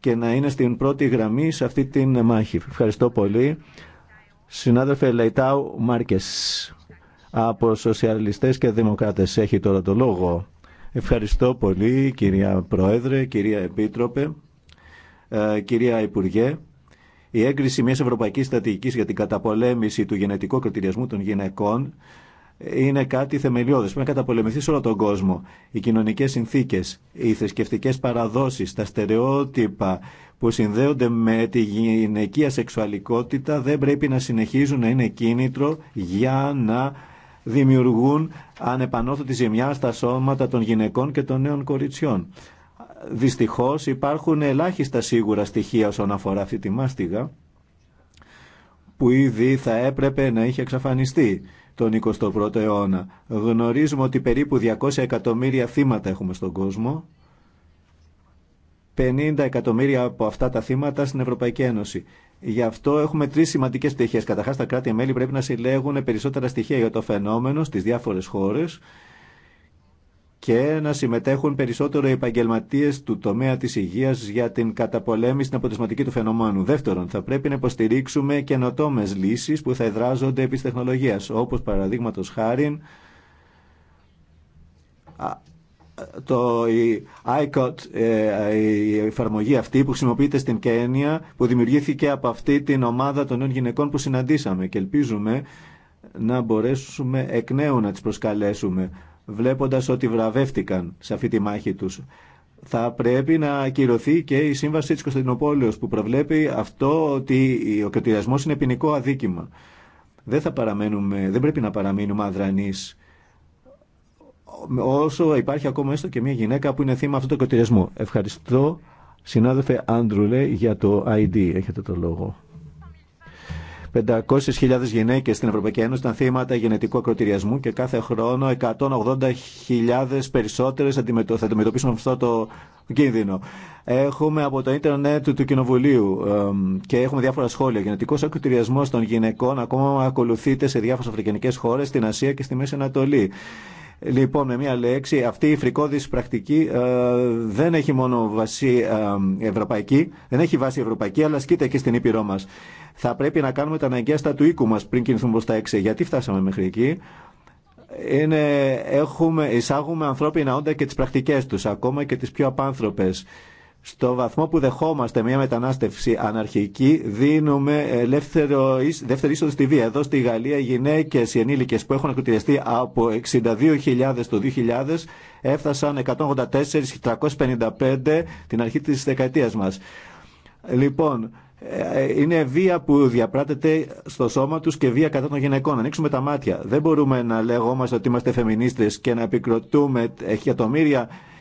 και να είναι στην πρώτη γραμμή σε αυτή την μάχη. Ευχαριστώ πολύ. Συνάδελφε Λαϊτάου Μάρκες από Σοσιαλιστές και Δημοκράτες έχει τώρα το λόγο. Ευχαριστώ πολύ κυρία Πρόεδρε, κυρία Επίτροπε, ε, κυρία Υπουργέ. Η έγκριση μιας ευρωπαϊκής στρατηγικής για την καταπολέμηση του γενετικού κριτηριασμού των γυναικών είναι κάτι θεμελιώδες. Πρέπει να καταπολεμηθεί σε όλο τον κόσμο. Οι κοινωνικές συνθήκες, οι θρησκευτικέ παραδόσεις, τα στερεότυπα που συνδέονται με τη γυναικεία σεξουαλικότητα δεν πρέπει να συνεχίζουν να είναι κίνητρο για να δημιουργούν ανεπανόρθωτη ζημιά στα σώματα των γυναικών και των νέων κοριτσιών δυστυχώς υπάρχουν ελάχιστα σίγουρα στοιχεία όσον αφορά αυτή τη μάστιγα που ήδη θα έπρεπε να είχε εξαφανιστεί τον 21ο αιώνα. Γνωρίζουμε ότι περίπου 200 εκατομμύρια θύματα έχουμε στον κόσμο. 50 εκατομμύρια από αυτά τα θύματα στην Ευρωπαϊκή Ένωση. Γι' αυτό έχουμε τρει σημαντικέ πτυχέ. Καταρχά, τα κράτη-μέλη πρέπει να συλλέγουν περισσότερα στοιχεία για το φαινόμενο στι διάφορε χώρε και να συμμετέχουν περισσότερο οι επαγγελματίε του τομέα τη υγεία για την καταπολέμηση στην αποτελεσματική του φαινομένου. Δεύτερον, θα πρέπει να υποστηρίξουμε καινοτόμε λύσει που θα εδράζονται επί τεχνολογία, όπω παραδείγματο χάρη το, η ICOT, ε, η εφαρμογή αυτή που χρησιμοποιείται στην Κένια, που δημιουργήθηκε από αυτή την ομάδα των νέων γυναικών που συναντήσαμε και ελπίζουμε να μπορέσουμε εκ νέου να τις προσκαλέσουμε βλέποντας ότι βραβεύτηκαν σε αυτή τη μάχη τους. Θα πρέπει να ακυρωθεί και η σύμβαση της Κωνσταντινούπολη που προβλέπει αυτό ότι ο κριτηριασμός είναι ποινικό αδίκημα. Δεν, θα παραμένουμε, δεν πρέπει να παραμείνουμε αδρανείς όσο υπάρχει ακόμα έστω και μια γυναίκα που είναι θύμα αυτού του κριτηρισμού. Ευχαριστώ συνάδελφε Άντρουλε για το ID. Έχετε το λόγο. 500.000 γυναίκε στην Ευρωπαϊκή Ένωση ήταν θύματα γενετικού ακροτηριασμού και κάθε χρόνο 180.000 περισσότερε θα αντιμετωπίσουν αυτό το κίνδυνο. Έχουμε από το ίντερνετ του Κοινοβουλίου και έχουμε διάφορα σχόλια. Γενετικό ακροτηριασμό των γυναικών ακόμα ακολουθείται σε διάφορε αφρικανικέ χώρε, στην Ασία και στη Μέση Ανατολή. Λοιπόν, με μία λέξη, αυτή η φρικόδης πρακτική ε, δεν έχει μόνο βάση ε, ευρωπαϊκή, δεν έχει βάση ευρωπαϊκή, αλλά σκείται και στην Ήπειρό μας. Θα πρέπει να κάνουμε τα αναγκαία στα του οίκου μα πριν κινηθούμε προ τα έξι. Γιατί φτάσαμε μέχρι εκεί. Είναι, έχουμε, εισάγουμε ανθρώπινα όντα και τι πρακτικές τους, ακόμα και τι πιο απάνθρωπες στο βαθμό που δεχόμαστε μια μετανάστευση αναρχική, δίνουμε ελεύθερο, δεύτερη είσοδο στη βία. Εδώ στη Γαλλία οι γυναίκες, οι ενήλικε που έχουν ακροτηριαστεί από 62.000 το 2000 έφτασαν 184.355 την αρχή τη δεκαετία μα. Λοιπόν, ε, ε, είναι βία που διαπράτεται στο σώμα τους και βία κατά των γυναικών. Ανοίξουμε τα μάτια. Δεν μπορούμε να λεγόμαστε ότι είμαστε φεμινίστες και να επικροτούμε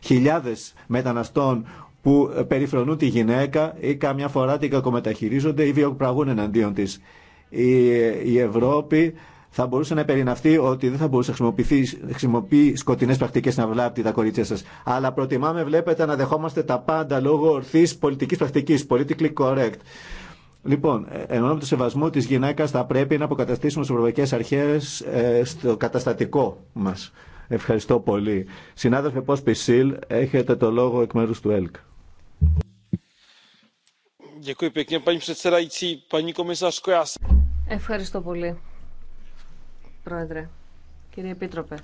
χιλιάδε μεταναστών που περιφρονούν τη γυναίκα ή καμιά φορά την κακομεταχειρίζονται ή βιοπραγούν εναντίον της. Η, η Ευρώπη θα μπορούσε να περιναυτεί ότι δεν θα μπορούσε να χρησιμοποιεί, χρησιμοποιεί σκοτεινέ πρακτικέ να βλάπτει τα κορίτσια σα. Αλλά προτιμάμε, βλέπετε, να δεχόμαστε τα πάντα λόγω ορθή πολιτική πρακτική, politically correct. Λοιπόν, ε, ενώ με το σεβασμό τη γυναίκα, θα πρέπει να αποκαταστήσουμε τι ευρωπαϊκέ αρχέ ε, στο καταστατικό μα. Ευχαριστώ πολύ. Συνάδελφε Πόσπισιλ, έχετε το λόγο εκ μέρου του ΕΛΚ. Ευχαριστώ πολύ, Πρόεδρε. Κύριε Επίτροπε,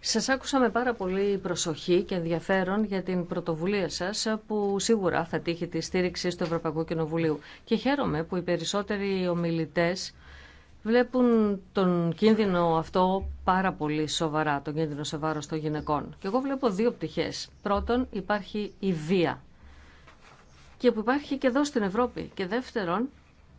σας άκουσα με πάρα πολύ προσοχή και ενδιαφέρον για την πρωτοβουλία σας που σίγουρα θα τύχει τη στήριξη του Ευρωπαϊκό Κοινοβουλίου. Και χαίρομαι που οι περισσότεροι ομιλητές βλέπουν τον κίνδυνο αυτό πάρα πολύ σοβαρά, τον κίνδυνο σε βάρος των γυναικών. Και εγώ βλέπω δύο πτυχές. Πρώτον, υπάρχει η βία και που υπάρχει και εδώ στην Ευρώπη. Και δεύτερον,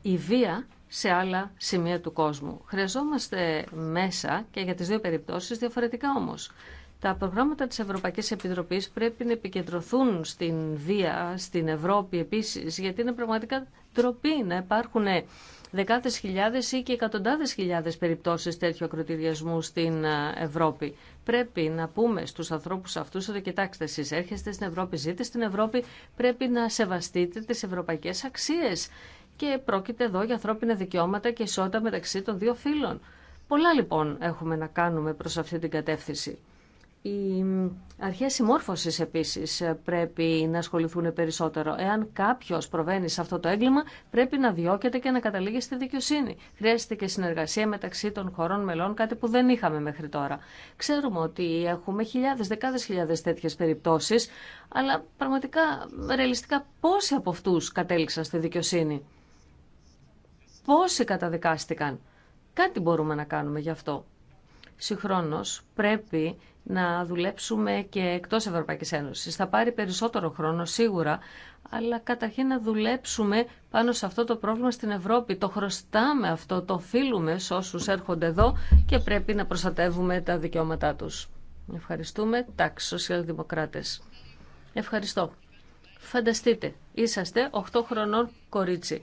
η βία σε άλλα σημεία του κόσμου. Χρειαζόμαστε μέσα και για τις δύο περιπτώσεις διαφορετικά όμως. Τα προγράμματα της Ευρωπαϊκής Επιτροπής πρέπει να επικεντρωθούν στην βία, στην Ευρώπη επίσης, γιατί είναι πραγματικά τροπή να υπάρχουν δεκάδες χιλιάδες ή και εκατοντάδες χιλιάδες περιπτώσεις τέτοιου ακροτηριασμού στην ε, Ευρώπη πρέπει να πούμε στους ανθρώπους αυτούς ότι κοιτάξτε εσείς έρχεστε στην Ευρώπη, ζείτε στην Ευρώπη, πρέπει να σεβαστείτε τις ευρωπαϊκές αξίες και πρόκειται εδώ για ανθρώπινα δικαιώματα και ισότητα μεταξύ των δύο φύλων. Πολλά λοιπόν έχουμε να κάνουμε προς αυτή την κατεύθυνση. Οι αρχέ συμμόρφωση επίση πρέπει να ασχοληθούν περισσότερο. Εάν κάποιο προβαίνει σε αυτό το έγκλημα, πρέπει να διώκεται και να καταλήγει στη δικαιοσύνη. Χρειάζεται και συνεργασία μεταξύ των χωρών μελών, κάτι που δεν είχαμε μέχρι τώρα. Ξέρουμε ότι έχουμε χιλιάδε δεκάδε. χιλιάδε τέτοιες περιπτώσεις, αλλά πραγματικά, ρεαλιστικά, πόσοι από αυτού κατέληξαν στη δικαιοσύνη. Πόσοι καταδικάστηκαν. Κάτι μπορούμε να κάνουμε γι' αυτό. Συγχρόνω πρέπει να δουλέψουμε και εκτός Ευρωπαϊκής Ένωσης. Θα πάρει περισσότερο χρόνο σίγουρα, αλλά καταρχήν να δουλέψουμε πάνω σε αυτό το πρόβλημα στην Ευρώπη. Το χρωστάμε αυτό, το οφείλουμε σε όσους έρχονται εδώ και πρέπει να προστατεύουμε τα δικαιώματά τους. Ευχαριστούμε. Τάξη, σοσιαλδημοκράτες. Ευχαριστώ. Φανταστείτε, είσαστε 8 χρονών κορίτσι.